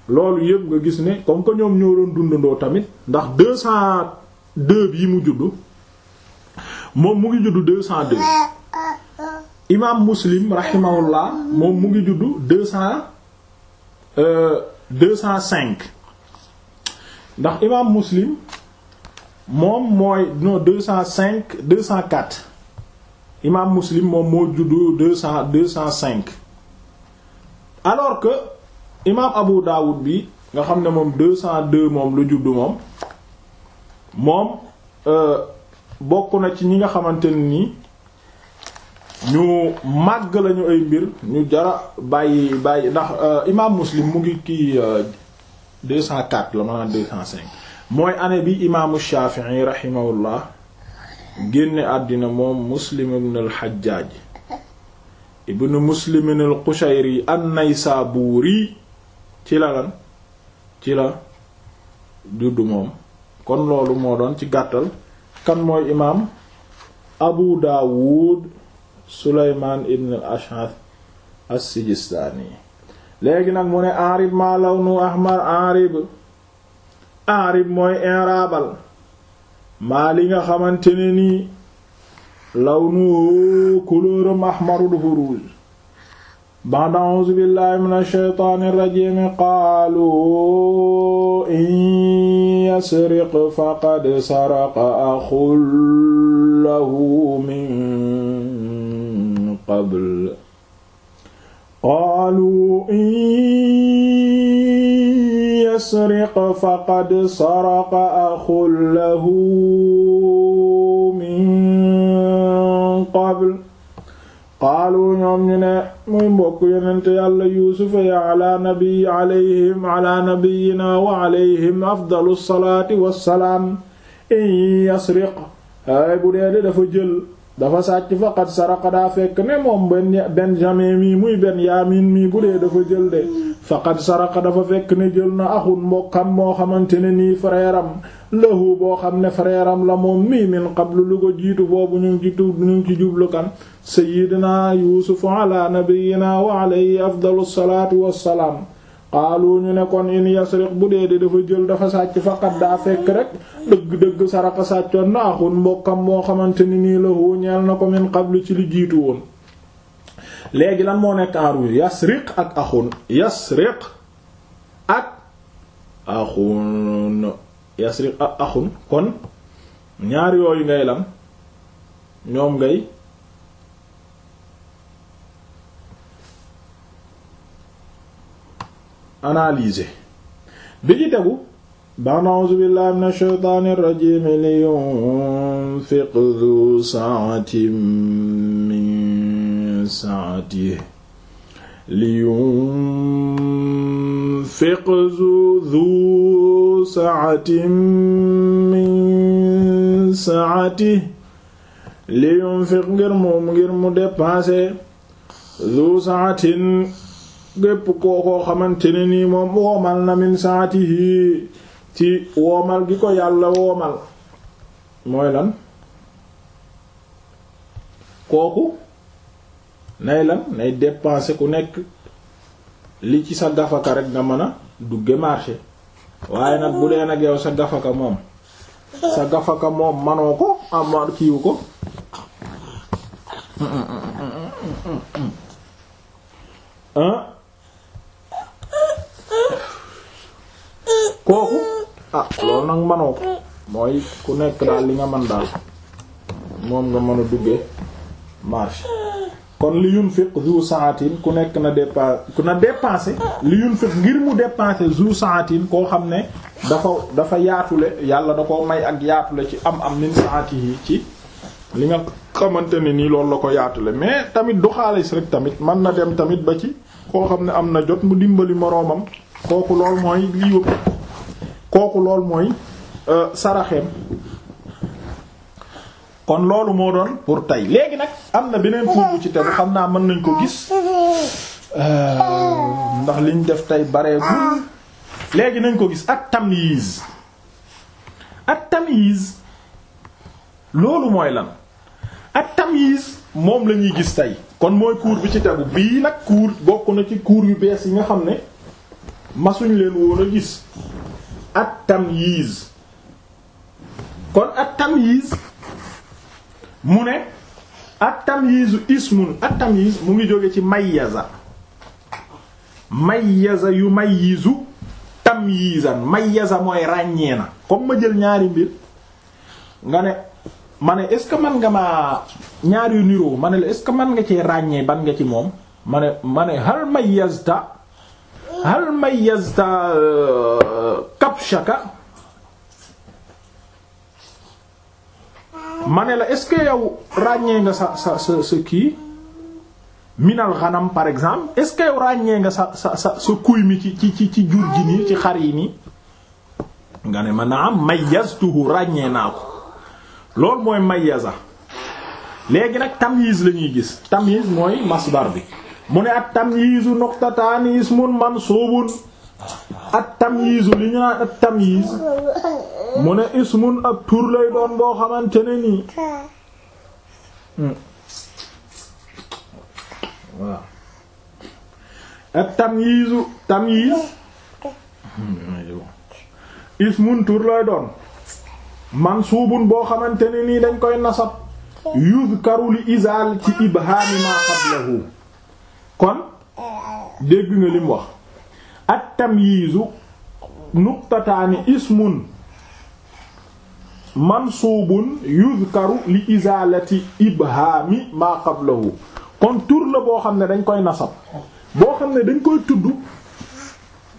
A: loolu yëpp nga gis ne comme que ñoom ñoo doon dundandoo tamit ndax 202 yi mu juddu moom mu ngi juddu 202 imaam Muslim rahimahullah moom mu ngi juddu 200 euh 205 ndax imaam Muslim moom mooy non 205 204. imaam muslim moom moo juddu deux cent deux cent cinq alors que imaam abu daawud bi nga xam ne moom deux cent deux moom lu juddu moom moom euh, bokk na ci ñi nga xamante ne nii ñu màgg lañu ay mbir ñu jara bàyyi bàyyi ndax euh, imaam muslim mu ngi kii euh, deux cent quatre la maanaam deux cent cinq mooy année bi imaamu Shafi'i rahimahullah génne àddina moom muslim ibn al xajjaaj ibn muslim al qushayri ci la lan ci la juddu moom kon loolu moo doon ci gàttal kan mooy imaam abu daawud suleymaan ibn al ash'ath léegi nag mu ne arib ma lawnu ahmar arib arib mooy inraabal maa li nga xamante ne nii law nu couleuram ahmaru dafa rouge banda a'uuzu billahi min ashaytaani rajim qaalu in yasriq faqad saraqa axul lahu min qabl qaalu in yasriq faqad saraqa axun lahu min qabl qaalu ñoom ñu ne muy mbokk yonente yàlla yuusufa ya ala nabi alayhim ala nabiyina wa alayhim afdalu salaati wassalaam in yasriq ay bu dee dafa jël dafa sàcc faqat saraqa daa fekk ne moom benn benjamin mii muy benn yaamin mii bu dee dafa jël de faqat saraqa dafa fekk ne jël na axun mbokkam moo xamante ne nii frère am boo xam ne frère am la moom mii min qablu lu ko jiitu boobu ñu ngi ci ci jublu kan sayyidina yuusufu ala nabiyyina wa alayhi afdalu salaatu wassalaam xaalu ñu ne kon in yasriq bu dee de dafa jël dafa sàcc faqat daa fekk rek dëgg-dëgg saraka sàccoon na axun mbokkam moo xamante ni nii la hu na ko min qablu ci li jiitu woon léegi lan moo nekk enroue yasriq ak axun yasriq ak axun yasriq ak axun kon ñaar yooyu ngay lan ñoom ngay analyser bi ci tegu ban a'uuzu billahi minash shaytaanir rajiim liyunfiq dhu sa'atin min sa'atihi liyunfiq dhu sa'atin min sa'atihi liyunfiq ngir moom ngir mu dépenser dhu sa'atin gépp koo koo xamante ne nii moom woomal na min saatihi ci woomal gi ko yàlla woomal mooy lan kooku nay lan nay dépenser ku nekk li ci sa gafaka rek nga mën a dugge marché waaye nag bu dee nag yow sa gafaka moom sa gafaka moom manoo ko ama kiiwu ko ah kooku ah loolu nag manoo ko mooy ku nekk daal li nga man daal moom nga mën a duggee marché kon li yunfiq zu saatin ku nekk na dépense ku na dépenser li yunfiq ngir mu dépenser zu saatin koo xam ne dafa dafa yaatule yàlla da ko may ak yaatule ci am am min saati yi ci li nga xamante ne nii loolu la ko yaatule mais tamit du xaalis rek tamit mën na dem tamit ba ci koo xam ne am na jot mu dimbali moroomam kooku lool mooy lii yëpp kooku loolu mooy euh, saraxeem kon loolu moo doon pour tey léegi nag am na beneen pour bu ci tegu xam naa mën nañ ko gis euh, ndax liñ def tey bareegul léegi nañ ko gis ak tamyiz ak tamyiz loolu mooy lan ak tamyiz moom la ñuy gis tey kon mooy cours bi ci tegu bii nag cours bokk na ci cours yu bees yi nga xam ne masuñ leen woon a gis at tamyiz kon at tamyiz mu ne at tamyizu ismun at tamyiz mu ngi jóge ci mayyaza mayyaza yu mayyizu tamyizan mayyaza mooy ràññee na comme ma jël ñaari mbir nga ne ma ne est-ce que man nga ma ñaar yu niroo ma ne la est-ce que man nga cee ràññee ban nga ci moom ma ne ma ne hal mayyazta euh, abshaka ma ne la est-ce que yow ràññee nga sa sa sa kii minal xanam par exemple est-ce que ràññee nga sa sa sa sa mi ci ci ci ci jur gi nii ci xar yi nii nga ne ma naam mayyaztuhu ràññee naa ko loolu mooy mayyaza léegi nag tamyiz lañuy gis tamyiz mooy masdar bi mu ne at tamyizu nuqtatani man mansubun at tamyiizu li ñu naan at tamyiiz mu ne ismun ab tur lay doon boo xamante ne boo xamante ne nii dañ koy nasab yuzkaru li izaal ci ibhaami ma qablahu kon dégg nga lim wax at-tamyiizu nuqtataani ismun mansuubun yuzkaru li izaalati ibhaami maa qablahu kon tur la boo xam ne dañ koy nasab boo xam ne dañ koy tudd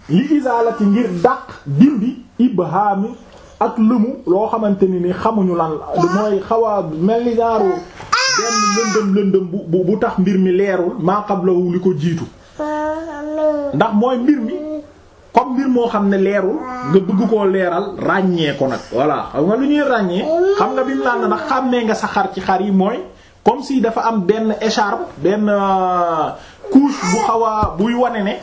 A: li izaalati ngir dàq dindi ibhaami ak lëmu loo xamante ni ni xamuñu lan mooy xaw a mel ni jaaroo benn lëndëm lëndëm bu tax mbir mi leerul maa qablahu li ko jiitu ndax mooy mbir mi comme mbir moo xam ne leerul nga dugg koo leeral ràññee ko nag voilà xam nga lu ñuy ràññee xam nga bi mu naan nag xàmmee nga sa xar ci xar yi mooy comme si dafa am benn écharpe benn euh, couche bu xaw a buy wane ne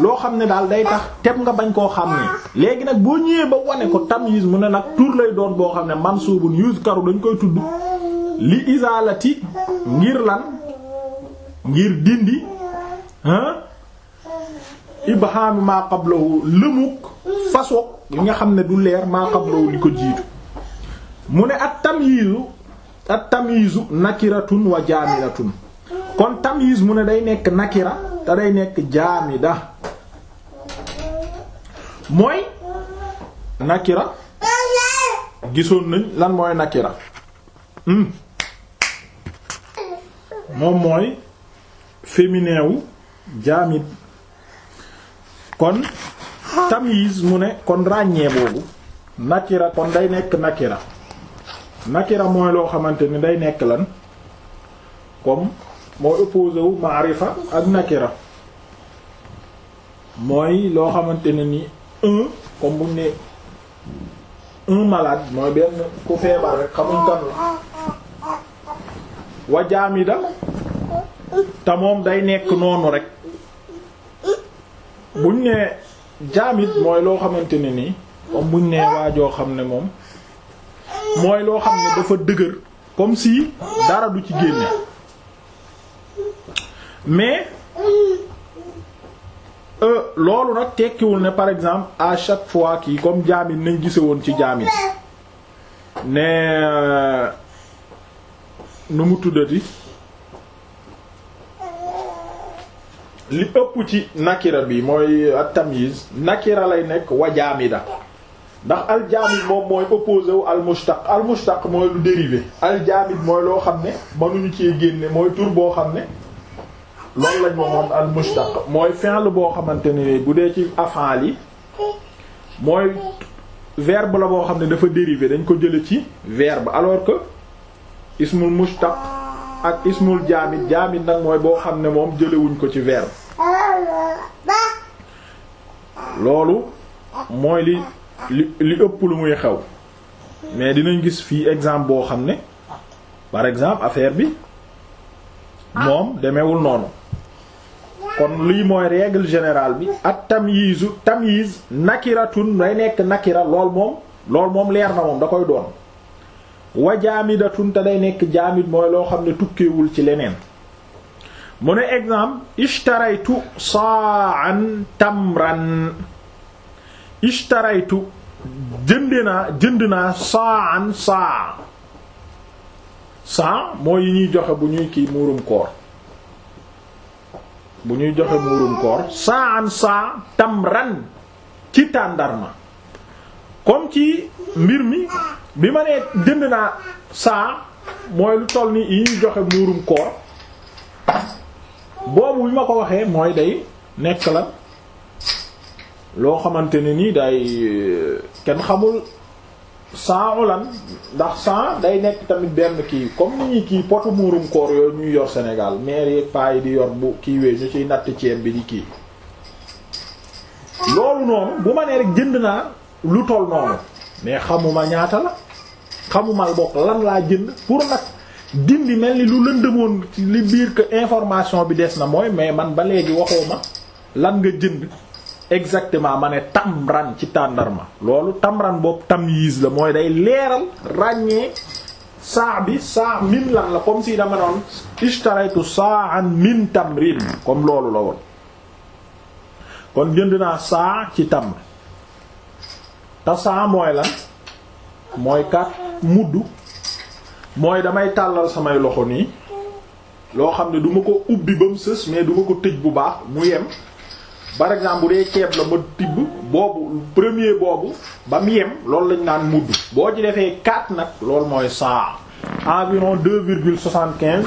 A: loo xam ne daal day tax teb nga bañ koo xam ne léegi nag boo ñëwee ba wane ko tamyiz mu ne nag tur lay doon boo xam ne mansubun yuzkaru dañ koy tudd li izalati ngir lan ngir dindi hein ibhaami maa qablahu lëmuk façon li nga xam ne du leer maa qablahu li ko jiitu mu ne at tamyizu at nakiratun wa jaamidatun kon tamyiz mu ne day nekk nakira te day nekk jaamida mooy nakira gisoo nañ lan mooy nakira hmm. moom mooy féminin jaamid kon tamyiz mu ne kon ràññee boobu nakira kon day nekk nakira nakira mooy loo xamante ni day nekk lan comme mooy opposé maarifa ak nakira mooy loo xamante ni un comme buñ ne un malade mooy benn ku feebar rek xamuñ kan la wa jaamida te moom day nekk noonu rek buñ ne jaamit mooy loo xamante ne nii comme buñ ne waajoo xam ne moom mooy loo xam ne dafa dëgër comme si dara du ci génne mais euh, loolu nag tekkiwul ne par exemple à chaque fois kii comme jaamit nañ gise woon ci jaamit ne euh, nu mu tuddati li ëpp ci nakira bi mooy at-tamyiz nakira lay nekk wa jaamida ndax aljaamid moom mooy opposé wu almushtaq almushtaq mooy lu dérivé aljaamid mooy loo xam ne mënuñu ci génne mooy tur boo xam ne loolu lañ waxoon almushtaq mooy fi'l boo xamante ne bu dee ci afaal yi mooy verbe la boo xam ne dafa dérivé dañ ko jële ci verbe alors que ismul mushtaq ak ismul jaamid jaamid nag mooy boo xam ne moom jëlewuñ ko ci verbe loolu mooy li li ëpp lu muy xew mais dinañ gis fii exemple boo xam ne par exemple affaire bi moom demeewul noonu kon lii mooy règle générale bi ak tamyizu tamyiz nakiratun day nekk nakira lool moom lool moom leer na moom da koy doon wa jaamidatun te day nekk jaamid mooy loo xam ne tukkeewul ci leneen mu ne exemple ishtaraytu sa'an tamran ishtaraytu jënd naa jënd naa sa'an saa saa mooy yi ñuy joxe bu ñuy kii muurum koor bu ñuy saa tamran ci tàndarma comme ci mbir mi bi ma nee jënd naa saa mooy lu toll ni yi ñuy joxe muurum koor boobu bi ma ko waxee mooy day nekk la loo xamante ne nii day euh, kenn xamul saa lan ndax saa day nekk tamit benn kii comme ni ñuy kii potu muurum koor yooyu ñuy yor Sénégal mairie paa yi di yor bu kiiwee ñu ciy natt ceeb bi di kii loolu noonu bu ma nee rek jënd naa lu toll noonu mais xamuma ñaata la xamuma bokk lan laa jënd pour nag dindi mel ni lu lëndëmoon li biir que information bi des na mooy mais man ba léegi waxoo ma lan nga jënd exactement ma ne tamran ci tàndarma loolu tamran boobu tamyiz la mooy day leeral ràññee saa bi saa min lan la comme si dama noon ishtaraytu sa'an min tamrin comme loolu la woon kon jënd naa saa ci tamr te mooy lan mooy kat mudd mooy damay tàllal samay loxo nii loo xam ne duma ko ubbi ba mu sës mais du ma ko tëj bu baax mu yem par exemple bu dee ceeb la ma tibb boobu premier boobu bam mu yem loolu lañ naan mudd boo ci defee 4 nag loolu mooy saa environ 2,75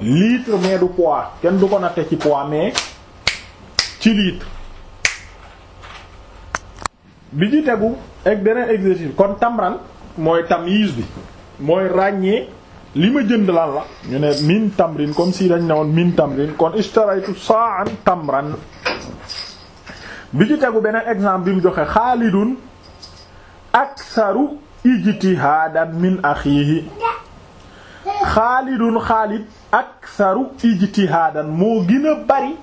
A: litres mais du poids kenn du ko natte ci poids mais ci litre bi ci tegu ak beneen exercice kon tamran mooy tamyiz bi mooy ràññee li ma jënd lan la ñu ne min tamrin comme si dañ ne woon min tamrin kon ishtaraytu sa'an tamran bi ci tegu beneen exemple bi mu joxe xaalidun aksaru ijtihaadan min axiihi xaalidun xaalid aksaru ijtihaadan moo gën a bari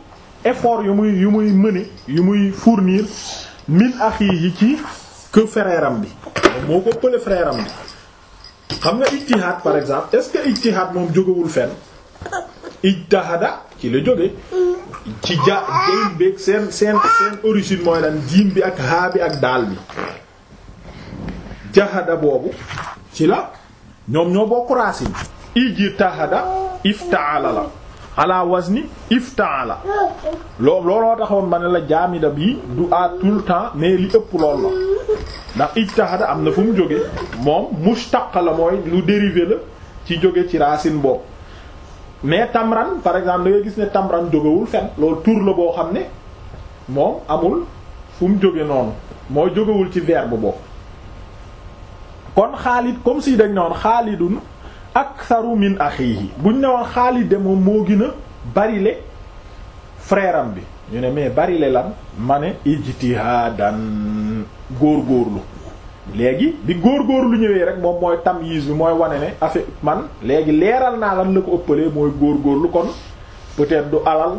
A: effort yu muy mëne yu muy fournir min axiihi ci que frère bi moo ko pële frère bi xam nga ijtihaad par exemple est-ce que ijtihaad moom jógewul fenn ijtahada ci la jóge ci ja jayim beeg seen seen seen origine mooy lan jiim bi ak haa bi ak daal bi jahada boobu ci la ñoom ñoo bokk racine ijtahada iftaala la ala wazni iftaala loo looloo taxoon ma ne la jaamida bi du à tout le temps mais li ëpp lool la ndax ijtihada am na fu mu jóge moom mushtaq la mooy lu dérivé la ci jóge ci racine boobu mais tamran par exemple da ngay gis ne tamran jógewul fen lool tur la boo xam ne moom amul fu jóge noonu mooy jógewul ci verbe boobu kon xaalit comme si dañ noon xaalidun aktharu min akhihi buñ ne wax Xaalid de moom moo gën barile freeram bi ñu ne mais barile lan ma ne ijtihadan góorgóorlu léegi bi góorgóorlu ñëwee rek moom mooy tamyiz bi mooy wane ne affaire man léegi leeral naa la la ko ëppalee mooy góorgóorlu kon peut du alal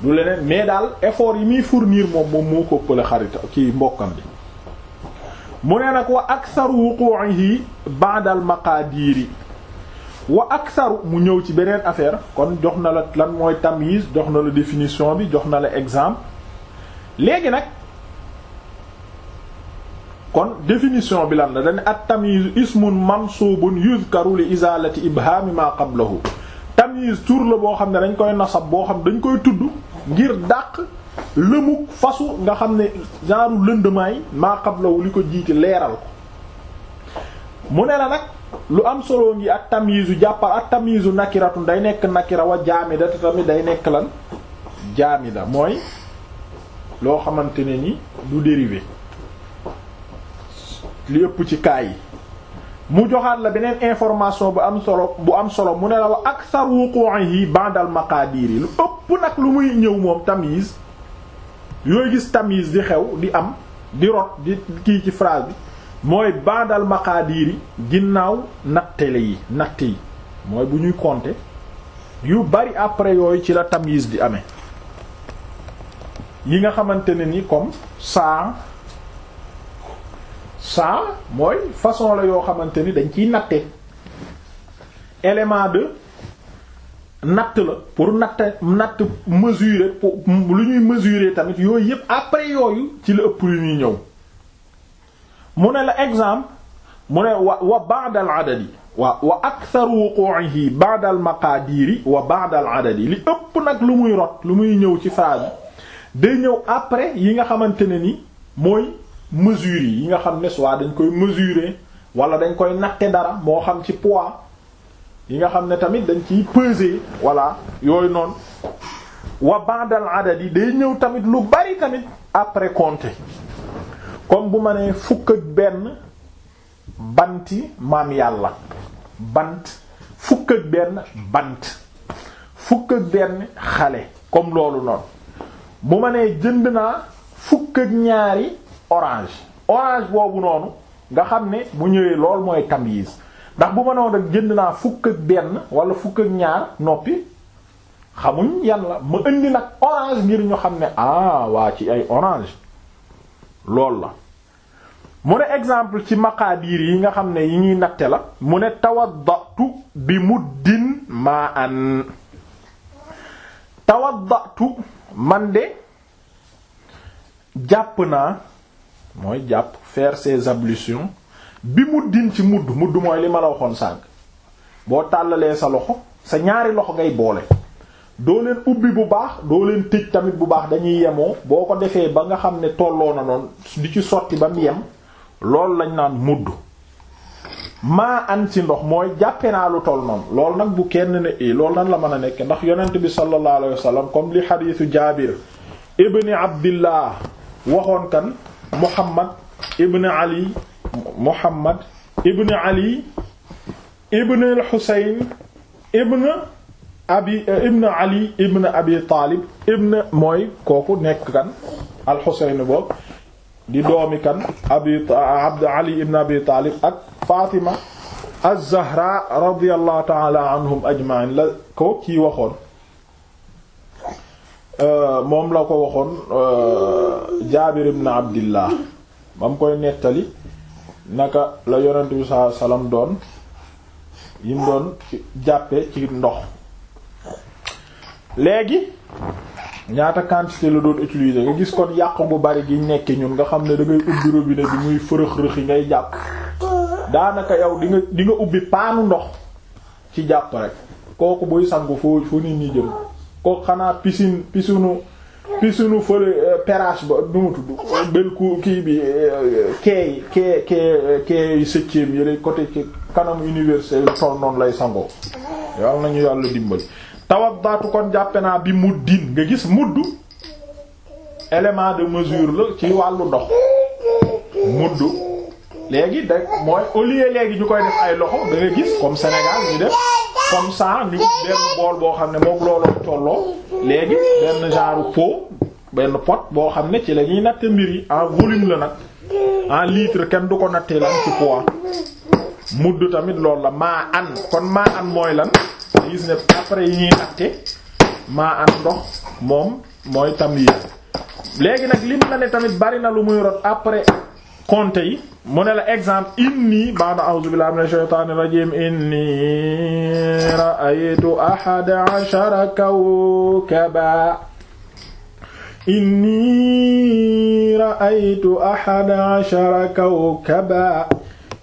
A: du leneen mais daal effort yi muy fournir moom moom moo ko ëppale xarita ci mbokkam bi mu ne nag wa aktharu wuqu'ihi ba'da al maqadiri wa aksaru mu ñëw ci beneen affaire kon jox na la lan mooy tamyiz jox na la définition bi jox na la exemple léegi nag kon définition bi lan la dañ at tamyiz ismun mansubun yuzkaru li izalati ibhami ma qablahu tamyiz tur la boo xam ne dañ koy nasab boo xam ne dañ koy tudd ngir dàq lëmuk fasu nga xam ne genre lëndëmaay maa qablahu li ko jiite leeral ko mu ne la nag lu am solo ngi ak yu jàppal ak yu nakiratun day nekk nakira wa jaamida te tamit day nekk lan jaamida mooy loo xamante ne ni du dérivé li ëpp ci kaa yi mu joxaat la beneen information bu am solo bu am solo mu ne la ak akthar wuqu'ihi ba'da al maqadir yi lu ëpp nag lu muy ñëw moom tamyiz yooyu gis tamyiz di xew di am di rot di kii ci phrase bi mooy baadal maqaadiir yi ginnaaw nattele yi natt yi mooy bu ñuy compter yu bari après yooyu ci la tamise di ame yi nga xamante ne ni comme sans sans mooy façon la yoo xamante ni dañ ciy natte élément de natt la pour natt natt mesurer pour lu ñuy mesurer tamit yooyu yépp après yooyu ci la ëpp yu ñuy ñëw mu ne la exemple mu ne wa wa ba'da al adadi waaw wa akthar wuqu'ihi ba'da al maqadiri wa baadal al adadi li ëpp nag lu muy rot lu muy ñëw ci phrase bi day ñëw après yi nga xamante ne ni mooy mesures yi nga xam ne soit dañ koy mesurer wala dañ koy natte dara moo xam ci poids yi nga xam ne tamit dañ ciy peser voilà yooyu noonu wa ba'da al adadi day ñëw tamit lu bari tamit après compter comme bu ma nee fukk ak benn banti maam yàlla bant fukk ak benn bant fukk ak benn xale comme loolu noonu bu ma nee jënd naa fukk ak ñaari orange orange boobu noonu nga xam ne bu ñëwee lool mooy tamyiz ndax bu ma noonu jënd naa fukk ak benn wala fukk ak ñaar noppi xamuñ yàlla ma indi nag orange ngir ñu xam ne ah waa ci ay orange lool la mu ne exemple ci maqaadiir yi nga xam ne yi ñuy natte la mu ne tawaddatu bi muddin maa an tawaddatu man de jàpp naa mooy jàpp faire ses ablutions bi muddin ci mudd mudd mooy li ma la waxoon sànk boo tàllalee sa loxo sa ñaari loxo ngay boole doo leen ubbi bu baax doo leen tëj tamit bu baax dañuy yemoo boo ko defee ba nga xam ne tolloo na noonu di ci sotti ba mu yem loolu lañ naan mudd maa an ci ndox mooy jàppe naa lu toll noonu loolu nag bu kenn ne i eh, loolu nan la mën a nekk ndax yonent bi sallallahu alayhi wa sallam comme li xadiisu jaabir ibni abdillah waxoon kan muhammad ibni ali muhammad ibni ali ibni al xusayn ibn abi eh, ibn abi taalib ibn mooy kooku nekk kan alxuseyn boobu di doomi kan abi abd ak fatima az-zahra radiyallahu taala anhum ajma'in la ko kii waxoon eh, moom la ko waxoon eh, jaabir ibn abdillah ba koy nettali naka la yonent bi sallallahu doon jàppe ci ndox léegi ñaata quantité la doon utiliser nga gis kon yàq gu bari gi nekk ñun nga xam ne da ngay ubbi robinet bi muy fërëx-rëxi ngay jàpp daanaka yow di nga ubbi paanu ndox ci jàpp rek kooku buy sangu foo foo nit ñi jëm kooku xanaa piscine piscinu piscinu fële euh, perage ba nu mu tudd belku kii bi keey kee kee keey septième yële côté ci kanam université tol noonu lay sangoo yàlla nañu yàlla dimbali tawaddaatu kon jàppe naa bi muddin nga gis mudd élément de mesure la ci wàllu ndox mudd léegi da mooy au lieu léegi ñu koy def ay loxo da nga gis comme Sénégal ñu def comme ça ñu benn bool boo xam ne moom looloo tolloo léegi benn genre pot benn pot boo xam ne ci la ñuy natte mbir yi en volume la nag en litre kenn du ko nattee lan ci poids mudd tamit loolu la maa an kon maa an mooy lan gis ne après yi ñuy natte maa am ndox moom mooy nag lim la ne tamit bari na lu muy rot après compte yi mu ne la exemple inni ba'da a'udhu billahi minash shaitanir inni ra'aytu inni ra'aytu kawkaba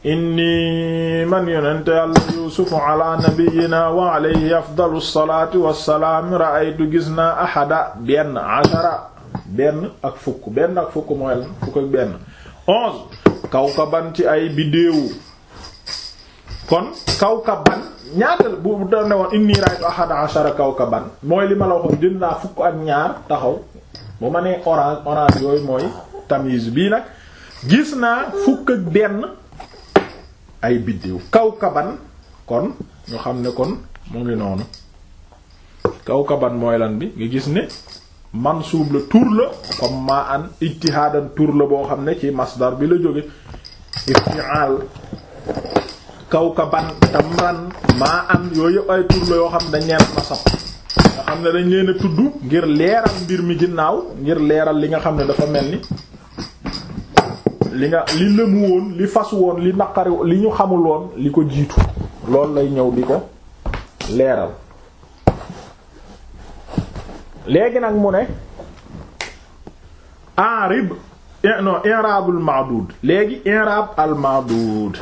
A: inni man yonente yàlla yuusufu ala nabiyina wa alayhi afdalu salaati wassalaam ra'aytu gis naa ahada benn ak fukk benn ak fukk mooy lan fukk ak benn onze kawkaban ci ay biddeewu kon kawkaban ñaata bu da woon inni ra'aytu ahada ashara kawkaban mooy li ma la waxoon jënd fukk ak ñaar taxaw bu ma nee orange orange yooyu mooy tamise bii nag gis naa fukk ak benn ay biddiw kawkaban kon ñu xam ne kon mu ngi noonu kaw kaban moylan bi nga gis ne mansuub la tur la comme ma an ijtihaadan tur la boo xam ne ci masdar bi la jóge iftial kawkaban tamran ma an yooyu yëpp ay tur la yoo xam ne dañ leen nasab nga xam ne dañ leen tudd ngir leeral mbir mi ginnaaw ngir leeral li nga xam ne dafa mel ni li nga li lëmu woon li fas woon li naqari li ñu xamul li ko jiitu loolu lay ñëw di ko leeral léegi nag mu ne enrib eh, non i'rabul léegi i'rab al ma'dud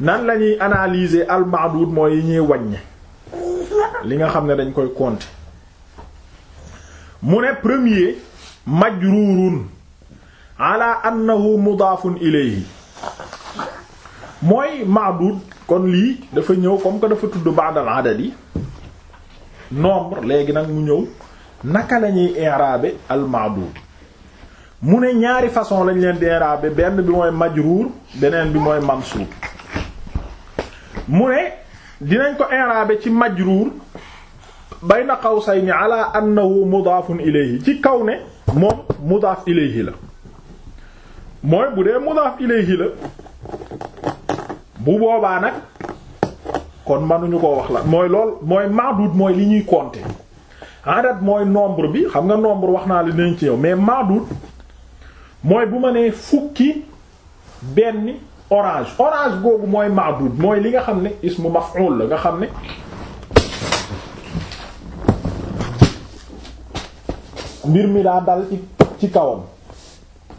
A: nan lañuy ñuy analyser al ma'dud mooy yi ñuy wàññe li nga xam ne dañ koy compter mu ne premier majrurun ala annahu mudaafun ilayhi mooy maadud kon lii dafa ñëw comme que dafa tudd ba'dal adadi nombre léegi nag mu ñëw naka la ñuy i'raabe al maadud mu ne ñaari façon lañ leen di i'raabe benn bi mooy majruur beneen bi mooy mansuub mu ne dinañ ko i'raabe ci majruur bayna qawsayni ala annahu mudaafun ilayhi ci kaw ne moom mudaaf ilayhi la mooy bu dee mudaaf ilayhi la bu boobaa nag kon mënuñu ko wax la mooy lool mooy maadud mooy li ñuy compter adat mooy nombre bi xam nga nombre wax naa la dinañ ci yow mais maadud mooy bu ma nee fukki benn orange orange googu mooy maadud mooy li nga xam ne ismu maf'ul la nga xam ne mbir mi daa dal ci ci kawam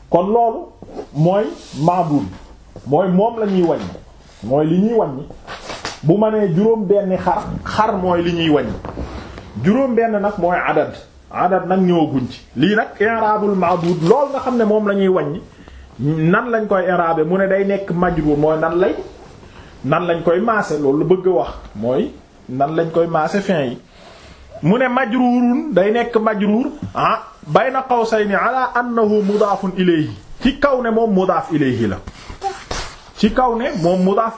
A: kon loolu mooy maabul mooy moom la ñuy wàññi mooy li ñuy wàññi bu ma nee juróom benni xar xar mooy li ñuy wañ juróom benn nag mooy adad adad nag ñëwaguñ ci lii nag i'rabul ma'dud lool nga xam ne moom la ñuy wàññi nan lañ koy i'rabe mu ne day nekk majrur mooy nan lay nan lañ koy maase loolu bëgg a wax mooy nan lañ koy maase fin yi mu ne majrurun day nekk majrur ah bayna qawsayni ala annahu mudaafun ilayhi ci kaw ne moom mudaaf ilayhi la kaw ne moom mudaaf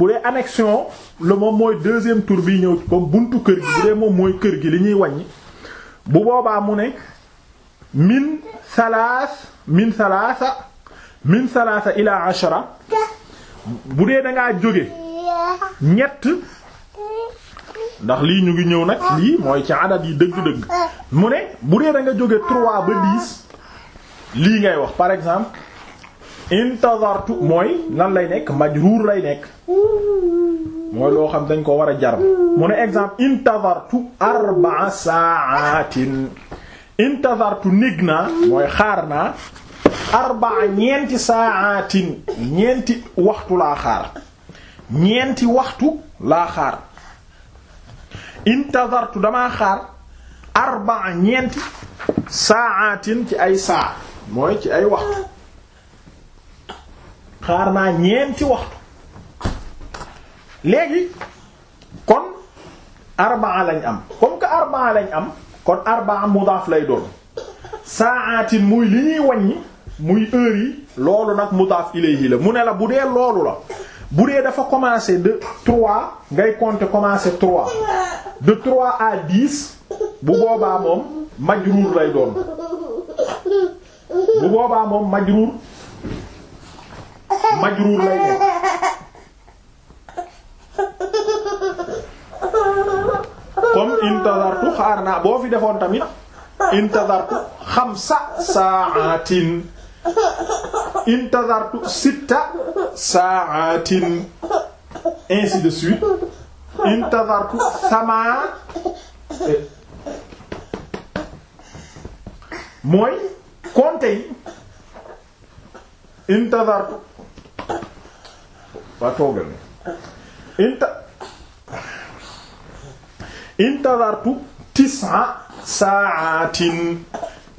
A: bu dee annexion la moom mooy deuxième tour bi ñëw comme buntu kër gi bu dee moom mooy kër gi li ñuy waññ bu boobaa mu ne min salaas min salaasa min salaasa ila ashara bu dee dangaa jóge ñett ndax lii ñu ngi ñëw nag lii mooy ci adat yi dëgg-dëgg mu ne bu dee da nga jóge trois ba diis lii ngay wax par exemple intazartu mooy lan lay nekk majruur lay nekk mooy loo xam dañ ko war a jar mu ne exemple intazartu arba'a sa'atin intazartu nig naa mooy xaar naa arba'a ñeenti sa'atin ñeenti waxtu laa xaar ñeenti waxtu laa xaar intazartu damaa xaar arbaa ñeenti saatin ci ay saa mooy ci ay waxtu xaar naa ñeenti waxtu léegi kon arbaa lañ am comme que arbaa lañ am kon arbaa mudaaf lay doon saatin muy li ñuy wàññi muy heure yi loolu nag mudaaf ilayhi la mu ne la bu dee loolu la bu dee dafa commencer de 3 ngay compter commencer 3 de 3 à 10 bu boobaa moom majruur lay doon bu boobaa moom majruur majruur lay doon comme intazartu xaar naa boo fi defoon tamit intazartu xamsa saatin intazartu sitta saatin ainsi de suite intazartu sama mooy compte yi intazartu waa toogal ni inta intazartu tis'a saatin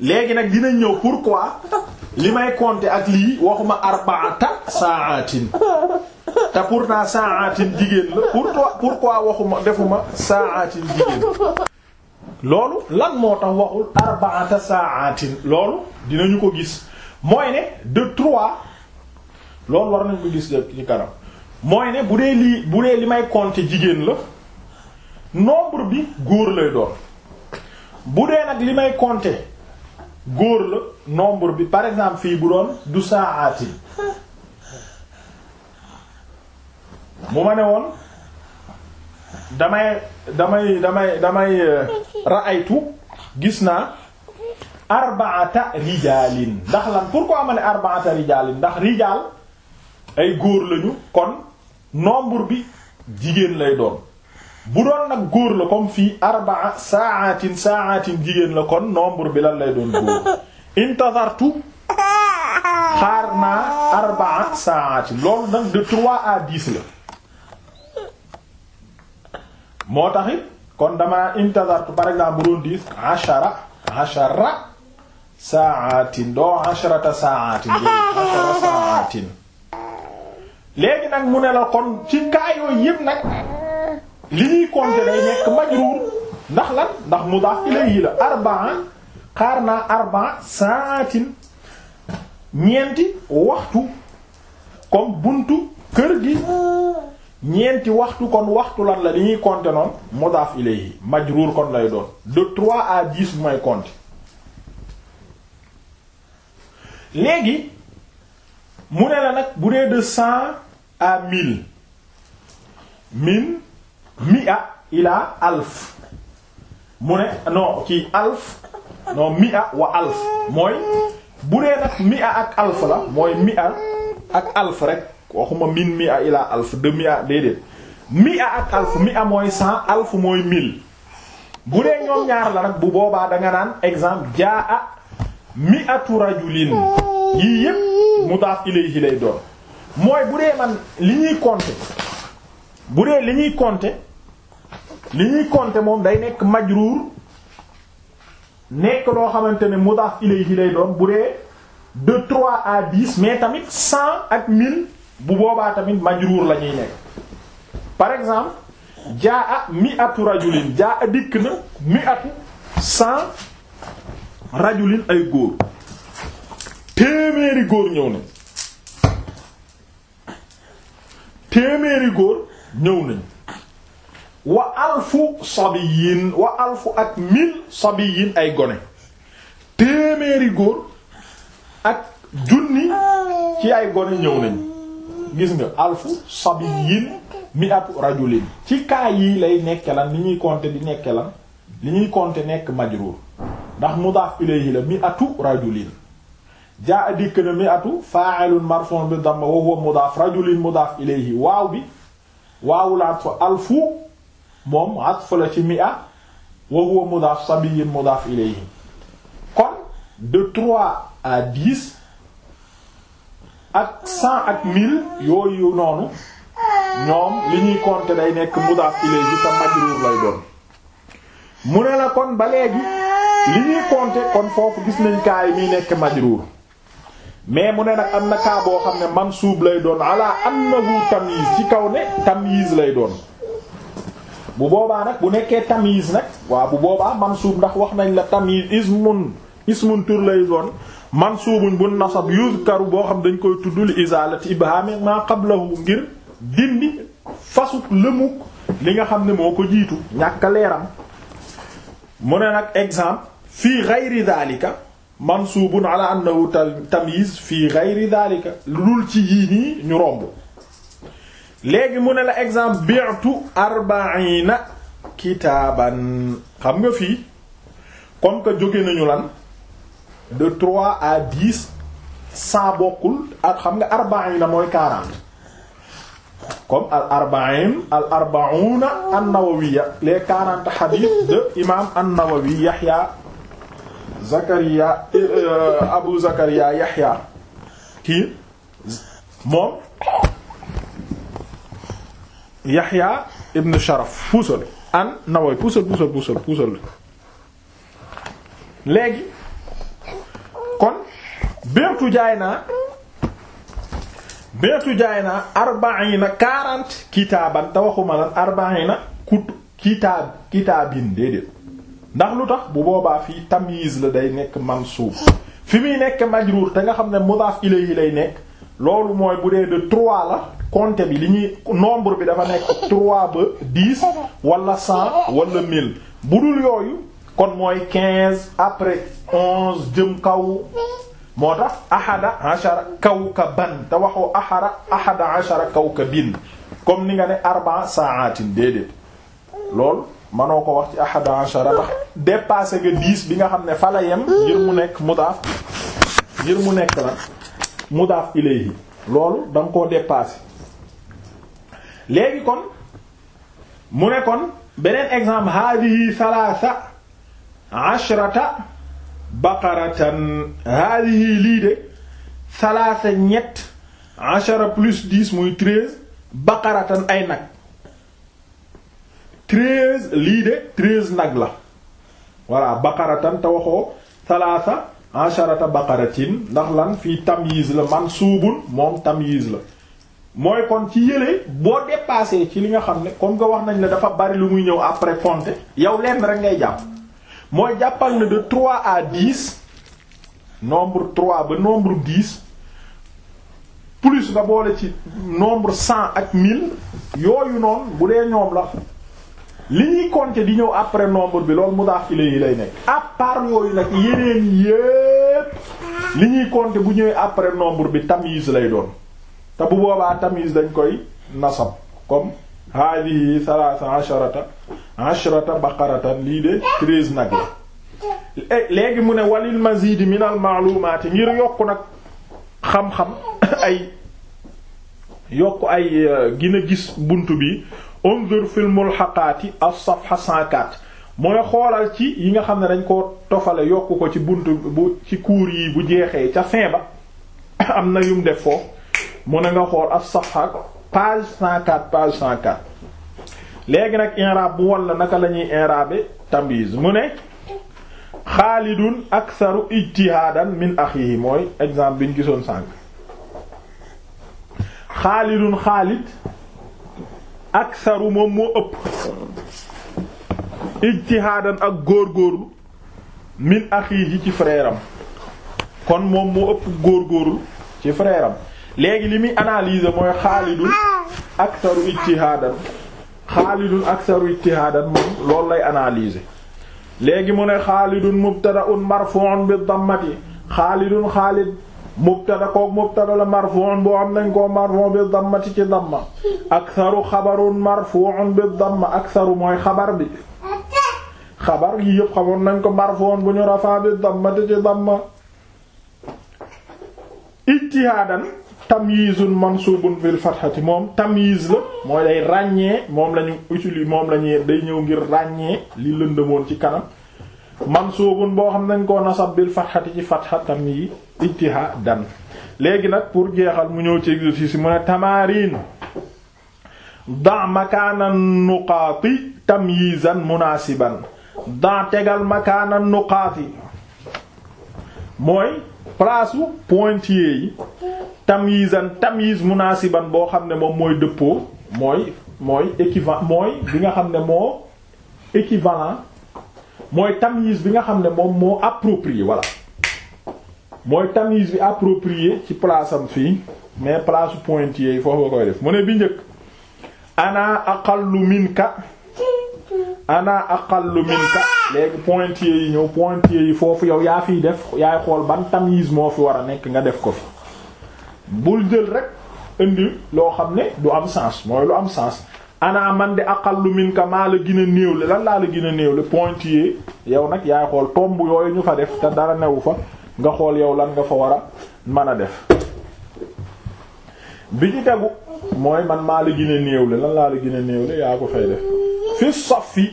A: léegi nag dina ñëw pourquoi li may compter ak lii waxuma arbaata saatin te pourtant saatin jigéen la pourquoi pourquoi waxuma defuma saatin jigéen loolu lan moo tax waxul arbaata saatin loolu dinañu ko gis mooy ne de trois loolu war nañ ko gis ci kanam mooy ne bu dee lii bu dee li may compter jigéen la nombre bi góor lay doon bu dee nag li may compter góor la nombre bi par exemple fii bu doon du saatin mu ma ne woon damay damay damay damay euh, ra'aytu gis naa arbaata rijaalin ndax lan pourquoi ma ne arbaata rijaalin ndax rijaal ay góor lañu kon nombre bi jigéen lay doon bu doon nag góor la comme fii arbaa saatin saatin jigéen la kon nombre bi lan lay doon góor intazartu xaar naa arbaa saatin loolu nag de trois à dix la moo taxit kon dama intazartu par exemple bu doon dix ashara ashara saatin doo asharata saatin ashara léegi nag mu ne la kon ci kaa yépp nag li ñuy compter day nekk majruur ndax lan ndax mudaaf ilayhi la arbaa xaar naa arbaa saatin ñeenti waxtu comme buntu kër gi ñeenti waxtu kon waxtu lan la li ñuy compter noonu mudaaf ilayhi majruur kon lay doon de trois à dix bu may compter léegi mu ne la nag bu dee de cent à mille min mi'a ila alf mu ne non ci alf non mi'a wa alf mooy bu dee nag mi'a ak alf la mooy mi'a ak alf rek waxuma min mi'a ila alf de mi'a déedéet mi'a ak alf mi'a mooy cent alf mooy mille bu dee ñoom ñaar la nag bu boobaa da naan exemple jaa a mi'atu rajulin yii yépp mudaaf ilayhi lay doon mooy bu dee man li ñuy compter bu dee li ñuy compter li ñuy compter moom day nekk majruur nekk loo xamante ne mu mudaaf ilayhi lay doon bu dee de trois à dix mais tamit cent ak mille bu boobaa tamit majruur la ñuy nekk par exemple jaa a mi atu rajulin jaa a dikk na mi atu cent rajulin ay góor téeméeri góor ñëw na téeméeri góor ñëw nañ wa alfu sabiyin wa alfu ak mil sabiyin ay gone téeméeri góor ak junni ci ay gone ñëw nañ gis nga alfu sabiyin mi atu rajulin ci kaa yi lay nekke lan li ñuy compter di nekke lan li ñuy compter nekk majruur ndax mudaaf ilayhi la mi atu rajulin jaa dikk na mi atu fa'ilun marfuun bi damma wa huwa mudaaf rajulin mudaaf ilayhi waaw bi waawul atf alfu moom atf la ci mi'a wa huwa mudaaf sabiyyun mudaaf ilayhi kon de trois à dix ak cent ak mille yooyu noonu ñoom li ñuy compter day nekk mudaaf ilayhi te majruur lay doon mu ne la kon ba léegi li ñuy compter kon foofu gis nañ kaay miy nekk majruur mais mu ne nag am na kaa boo xam ne mansuub lay doon ala annahu tamyiz ci kaw ne tamyiz lay doon bu boobaa nag bu nekkee tamyiz nag waaw bu boobaa mansuub ndax wax nañ la tamyiz ismun ismun tur lay doon mansuubun bu nasab yuzkaru boo xam dañ koy tudd li izalati ibhami ma qablahu ngir dindi fasuk lëmuk li nga xam ne moo ko jiitu ñàkk leeram mu ne nag exemple fii ghayri dhalika mansuubun ala annahu tamyiz fi ghayri dhalika lu dul ci yii nii ñu romb léegi mu ne la exemple bi'tu arbaina kitaaban xam nga fii comme que jóge nañu lan de trois à dis cent bokkul ak xam nga arbaina mooy quarante comme al arbain al arbauna an-nawawiyya les quarante hadith de imam an yahya Zakaria euh, Abu Zakaria Yaxya kii moom Yaxya ibn Sharaf puusal an naway puusal puusal puusal puusal léegi kon beertu jaay naa beertu jaay naa arbaina quarante kitaaban te waxuma lan arbaina kut kitaab kitaabin déedéet ndax lu tax bu boobaa fii tamyiz la day nekk mansuub fi muy nekk majruur te nga xam ne mudaaf yi lay nekk loolu mooy bu dee de trois la compte bi li ñuy nombre bi dafa nekk trois ba dix wala cent walla mille bu dul yooyu kon mooy quinze après onze jëm kaw moo tax ahada ashara kawkaban te waxoo ahara ahada ashara kawkabin comme ni nga ne arba saatin déedéet loolu manoo ko wax ci ahada ashara ndax dépassé nga dix bi nga xam ne fala yem ngir mu nekk mudaaf ngir mu nekk la mudaaf ilayhi loolu da nga koo léegi kon mu ne kon beneen exemple hadihi thalatha ashrata baqaratan hadihi lii de thalatha ñett ashara plus dix muy treize baqaratan ay nag treize lii de treize nag la voilà baqaratan te waxoo talaata asharata baqaratin ndax lan fii tamyiz la man suubul moom tamyiz la mooy kon ci yële boo dépassé ci li nga xam ne comme nga wax nañ la dafa bari lu muy ñëw après compter yow lenn rek ngay jàpp mooy jàppal na de 3 à 10 nombre 3 ba nombre 10 plus nga boole ci nombre 100 ak 1000 yooyu noonu bu dee ñoom la li ñuy compter di ñëw après nombre bi loolu mudaaf ilayhi lay nekk à part yooyu nag yeneen yépp li ñuy compter bu ñëwee après nombre bi tamyiz lay doon te bu boobaa tamyiz dañ koy nasab comme hadihi thalatha asharata asharata baqaratan lii de treize nag la eh, léegi mu ne walil mazidi min al maalumaati ngir yokku nag xam-xam ay yokk ay euh, gina gis bunt bi unzur fil mulhaqaati as-safha 104 mooy xoolal ci yi nga xam ne dañ ko tofale yokk ko ci bunt bu ci kuur yi bu jeexee ca fin ba am na yum def foofu mu ne nga xool as-safha page 104 page 104 léegi nag i'rab bu walla naka la ñuy i'rabe tamyiz mu ne xaalidun aktharu ijtihaadan min axihi mooy exemple biñ gisoon sànq xaalidun xaalid aksaru moom moo ëpp ijtihaadan ak góor góorgóorlu min axiihi ci frère kon moom mu ëpp góor góorgóorlu ci frère léegi li muy analyser mooy xaalidun aksaru ijtihaadan xaalidun aksaru ijtihaadan moom loolu lay analyser léegi mu ne xaalidun mubtada'un marfu'un bi dammati xaalidun xaalid mubtada kook mubtada la marfu'un boo xam nañ koo marfu' bi dammati ci damma aktharu xabarun marfu'un bi damma aktharu mooy xabar bi xabar yi yëpp xamoon nañ ko marfu'un bu ñu rafaa bi dammati ci damma ijtihaadan tamyizun mansubun fil fathati moom tamyiz la mooy day ràññee moom lañu utili moom lañuy day ñëw ngir ràññee li lëndëmoon ci kanam man mansuubun boo xam nañ koo nasab bil fatxati ci fatxatam yi ijtihaadan léegi nag pour jeexal mu ñëw ci exercice mu ne tamarin da makaana nuqaati tamyizan munaasiban da tegal makaana nuqaati mooy place u pointillés yi tamyizan tamyiz munaasiban boo xam ne moom mooy dëppoo mooy mooy équivalent mooy bi nga xam ne moo équivalent mooy tamyiz bi nga xam ne moom moo approprié voilà mooy tamyiz bi approprié ci place fii mais place pointillé yi foofu koy def mu ne bi njëkk ana aqallu minka ana aqallu minka léegi pointillé yi ñëw pointillé yi foofu yow yaa fiy def yaay xool ban tamyiz moo fi war a nekk nga def ko fi bul jël rek indi loo xam ne du am sens mooy lu am sens ana man de aqallu minka maa la gën a néewle lan laa la gën a néewle pointillé yow nag yaay xool tomb yooyu ñu fa def te dara newu fa nga xool yow lan nga fa war a mën a def bi ñu tegu mooy man maa la gën a néewle lan laa la gën a néewle yaa ko fay def fi safi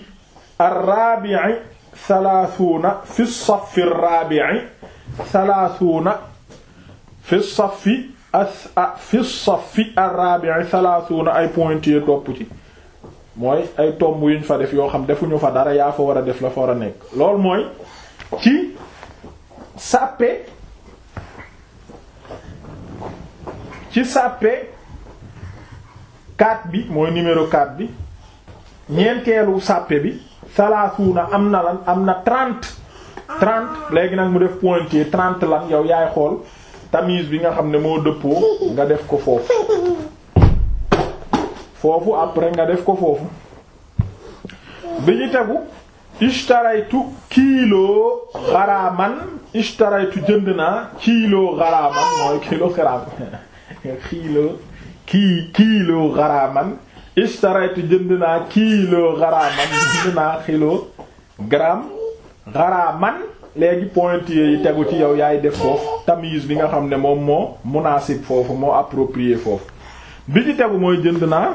A: ar-rabi'i thalathuna fi safi ar-rabi'i thalathuna fi safi as fi safi ay pointillé topp ci mooy ay tomb yuñ fa def yoo xam defuñu fa dara yaa fa war a def la fa war a nekk loolu mooy ci sàppe ci sàppe 4 bi mooy numéro 4 bi ñeenteelu sàppe bi na am na lan am na 30 30 léegi nag mu def pointé 30 lan yow yaay xool tamise bi nga xam ne moo dëppoo nga def ko foofu foofu après nga def ko foofu bi ñu tegu ishtaraytu kilo xaraaman ishtaraytu jënd naa kilo xaraaman mooy kilo xaraam kilo kii kilo xaraaman ishtaraytu jënd naa kilo xaraaman jënd naa kilo gramme xaraaman léegi pointillés yi tegu ci yow yaay def foofu tamise bi nga xam ne moom moo munasib foofu moo approprié foofu bi ci tegu mooy jënd naa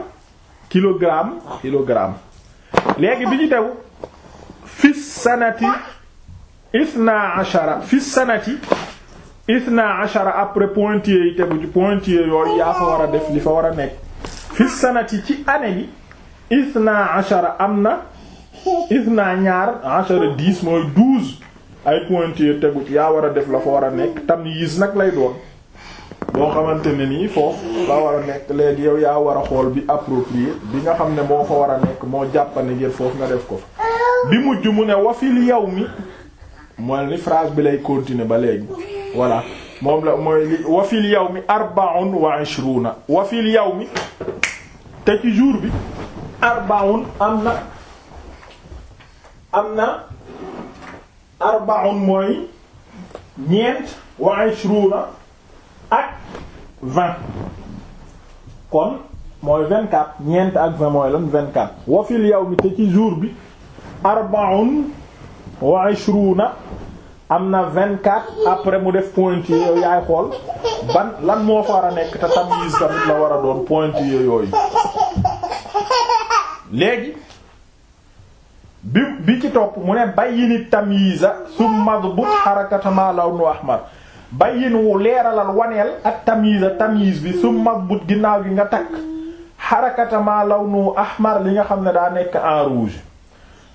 A: kilo kilogramme kilogramme léegi bi ñu tew fi sanati isna ashara fi sanati isna après pointillés yi tegu ci pointillés yooyu yaa fa war a def li fa war a nekk fi sanati ci année yi isna ashara am na isna ñaar ashara dix mooy douze ay pointillés tegu ci yaa war a def la fa war a nekk tamyiz nag lay doon boo xamante ne nii foofu la war nekk léegi yow yaa war a xool bi approprié bi nga xam ne moo fa war a nekk moo jàppane ngir foofu nga def ko fa bi mujj mu ne wafil yow mi mooy ni phrase bi lay continuer ba léegi voilà la mooy li wafil yow mi arbaun wa ishruna wafil yow mi te ci jour bi arbaun am na am mooy ñeent wa ishruna ak vingt kon mooy vingt quatre ñeent ak vingt mooy lan vingt quatre wa fil yawmi te ci jour bi arbaun wa ishruna am na vingt quatre après mu def pointillé yooyu yaay xool ban lan moo fa war a nekk te tamyiz tamit la war a doon pointillé yooyu léegi bi bi ci topp mu ne bayyini tamyiza summa dhbut harakatama lawnu ahmar bayyin wu leeralal waneel ak tamyiz a tamise bi mag but ginnaaw gi nga takk xarakatamaa lawnu ahmar li nga xam ne daa nekk en rouge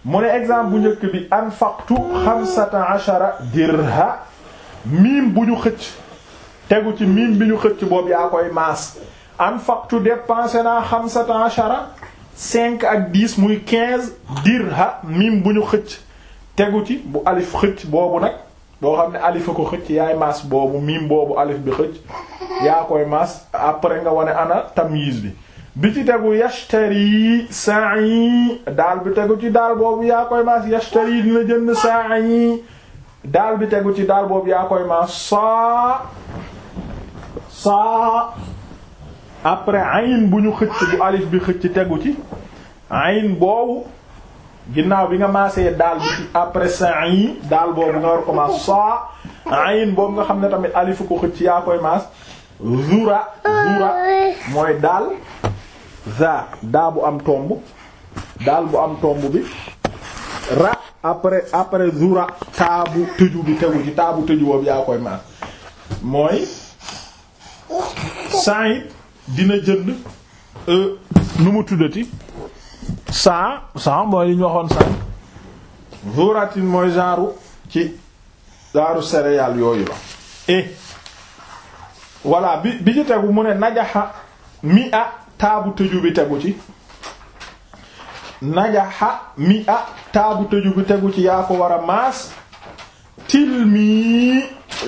A: mu ne exemple bu njëkk bi anfaqtu xamsata ashara dirha miim bu ñu xëcc tegu ci miim bi ñu xëcc boobu yaa koy maas anfaqtu dépensé naa xamsata ashara cinq ak dix muy quinze dirha miim bu ñu xëcc tegu ci bu alif xëcc boobu nag boo xam ne alif a ko xëcc yaay maas boobu miim boobu alif bi xëcc yaa koy maas après nga wane ana tamyiz bi bi ci tegu yashtari sa'i daal bi tegu ci daal boobu yaa koy maas yashtari dina jënd sa'i daal bi tegu ci daal boobu yaa koy maas saa saa après ayin bu ñu xëcc bu alif bi xëcc tegu ci ayin boobu ginnaaw bi nga maasee daal bi ci après sa'i daal boobu nga war ko maas saa ayin boobu nga xam ne tamit alifu ko xëcc yaa koy maas zura zura mooy daal za daa bu am tomb daal bu am tomb bi ra après après zura taabu tëju bi tegu ci taabu tëju boobu yaa koy maas mooy sa'id dina jënd e, nu mu tuddati saa saa mooy yi ñu waxoon sànq zuratin mooy genre ci genre céréales yooyu la e voilà bi bi ci tegu mu ne najaxa mi a taabu tëju bi tegu ci najaxa mi a taabu tëju bi tegu ci yaa war a maas tilmi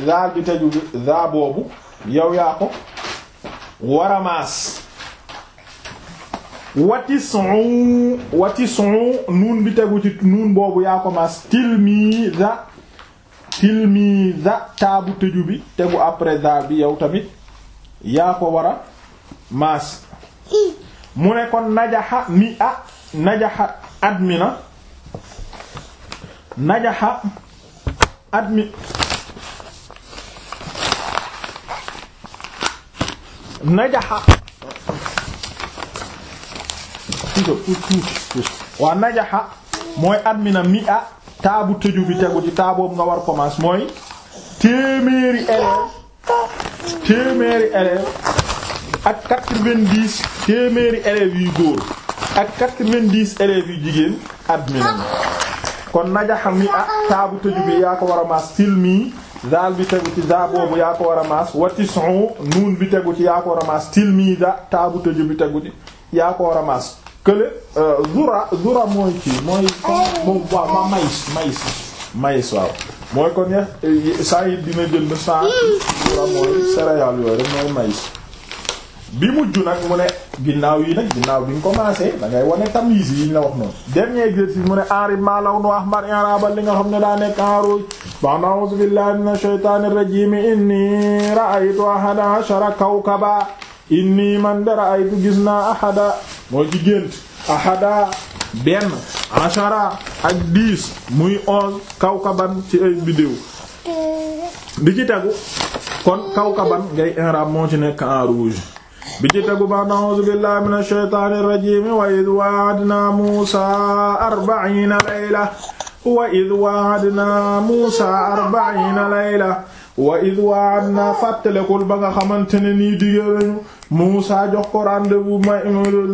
A: daal di tëju bi daa boobu yow yaa ko maas watisu watisu nuun bi tegu ci nuun boobu yaa commence tilmiza tilmiza taabu tëju bi tegu après daal bi yow tamit yaa ko war a maas mu ne kon najaxa mi a najaxa admina najaxa admi najaxa tuuta tuuti waa najaxa mooy admina mi a taabu tëju bi tegu ci taaboobu nga war commence mooy téeméeri élèves téeméeri élèves ak quatre-vingt-dix téeméeri yu jigéen admina kon najaxa mi taabu tëju bi yaa ko war a maas silmi daal bi tegu ci daa boobu yaa ko war a maas wa tis'u bi tegu ci yaa war a maas tilmiida taabu bi tegu ci yaa ko war a maas kële euh, zura zura mooy kii mooy moom waaw ma maïs maïs maïs waaw mooy kon ya saa yi dina jënd saa zura mooy céréales yooyu rek mooy maïs bi mujj nag mu ne ginnaaw yi nag ginnaaw bi nga commencé da ngay wane tamis yi ñu la wax noonu dernier exercice mu ne enrib maalaw nu ahmar inrabal li nga xam ne daa nekk enrouge ban a'uzu billahi minash shaytanir rajim inni ra'aytu ahada ashara kawkaba inni man dara ay bu gis naa ahada mooy ci gént ahada muy onze kawkaban ci ay biddew bi ci kon kawkaban ngay inrab moo ci nekk en rouge bi ci tegu ba na'uuzu billahi minash shaytaanir rajiim wa idh wa'adna Muusaa arba'iina wa idh wa'adna Muusaa arba'iina layla wa idh wa'adna fàttalekul ba nga xamante ne nii digée nañu Muusa jox ko rendez-vous may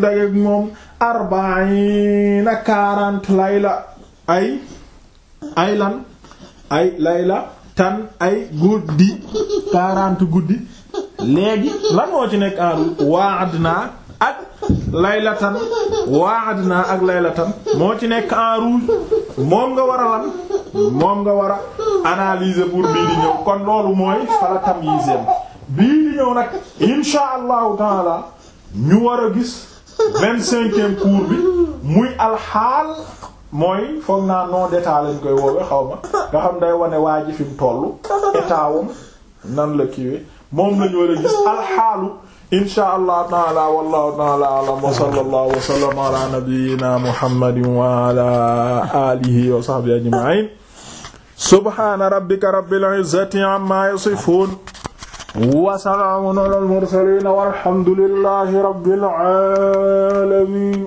A: dajeek moom arbaina quarante layla ay ay lan ay layla tan ay guddi quarante guddi léegi lan moo ci nekk aaru wa'adna ak laylatan wa'adna ak laylatan moo ci nekk en rouge moom nga war a lan moom nga war a analyser pour di ñëw kon loolu mooy fala tamyiz bii di ñëw nag insha taala ñu war a gis vingt-cinquième cours bi muy alxaal mooy foog naa non d'état lañ koy woowe xaw nga xam day wane waa ji fi mu toll nan la kiiwee moom lañu war a gis alxaalu insha allahu taala wallahu taala alam wa sallallahu wa sallam ala nabiyyina muhammadin wa ala alihi wa sahbihi ajma'in subhana rabbika rabbil izzati amma yasifun wa salaamun alal mursaliin walhamdulillaahi rabbil aalamiin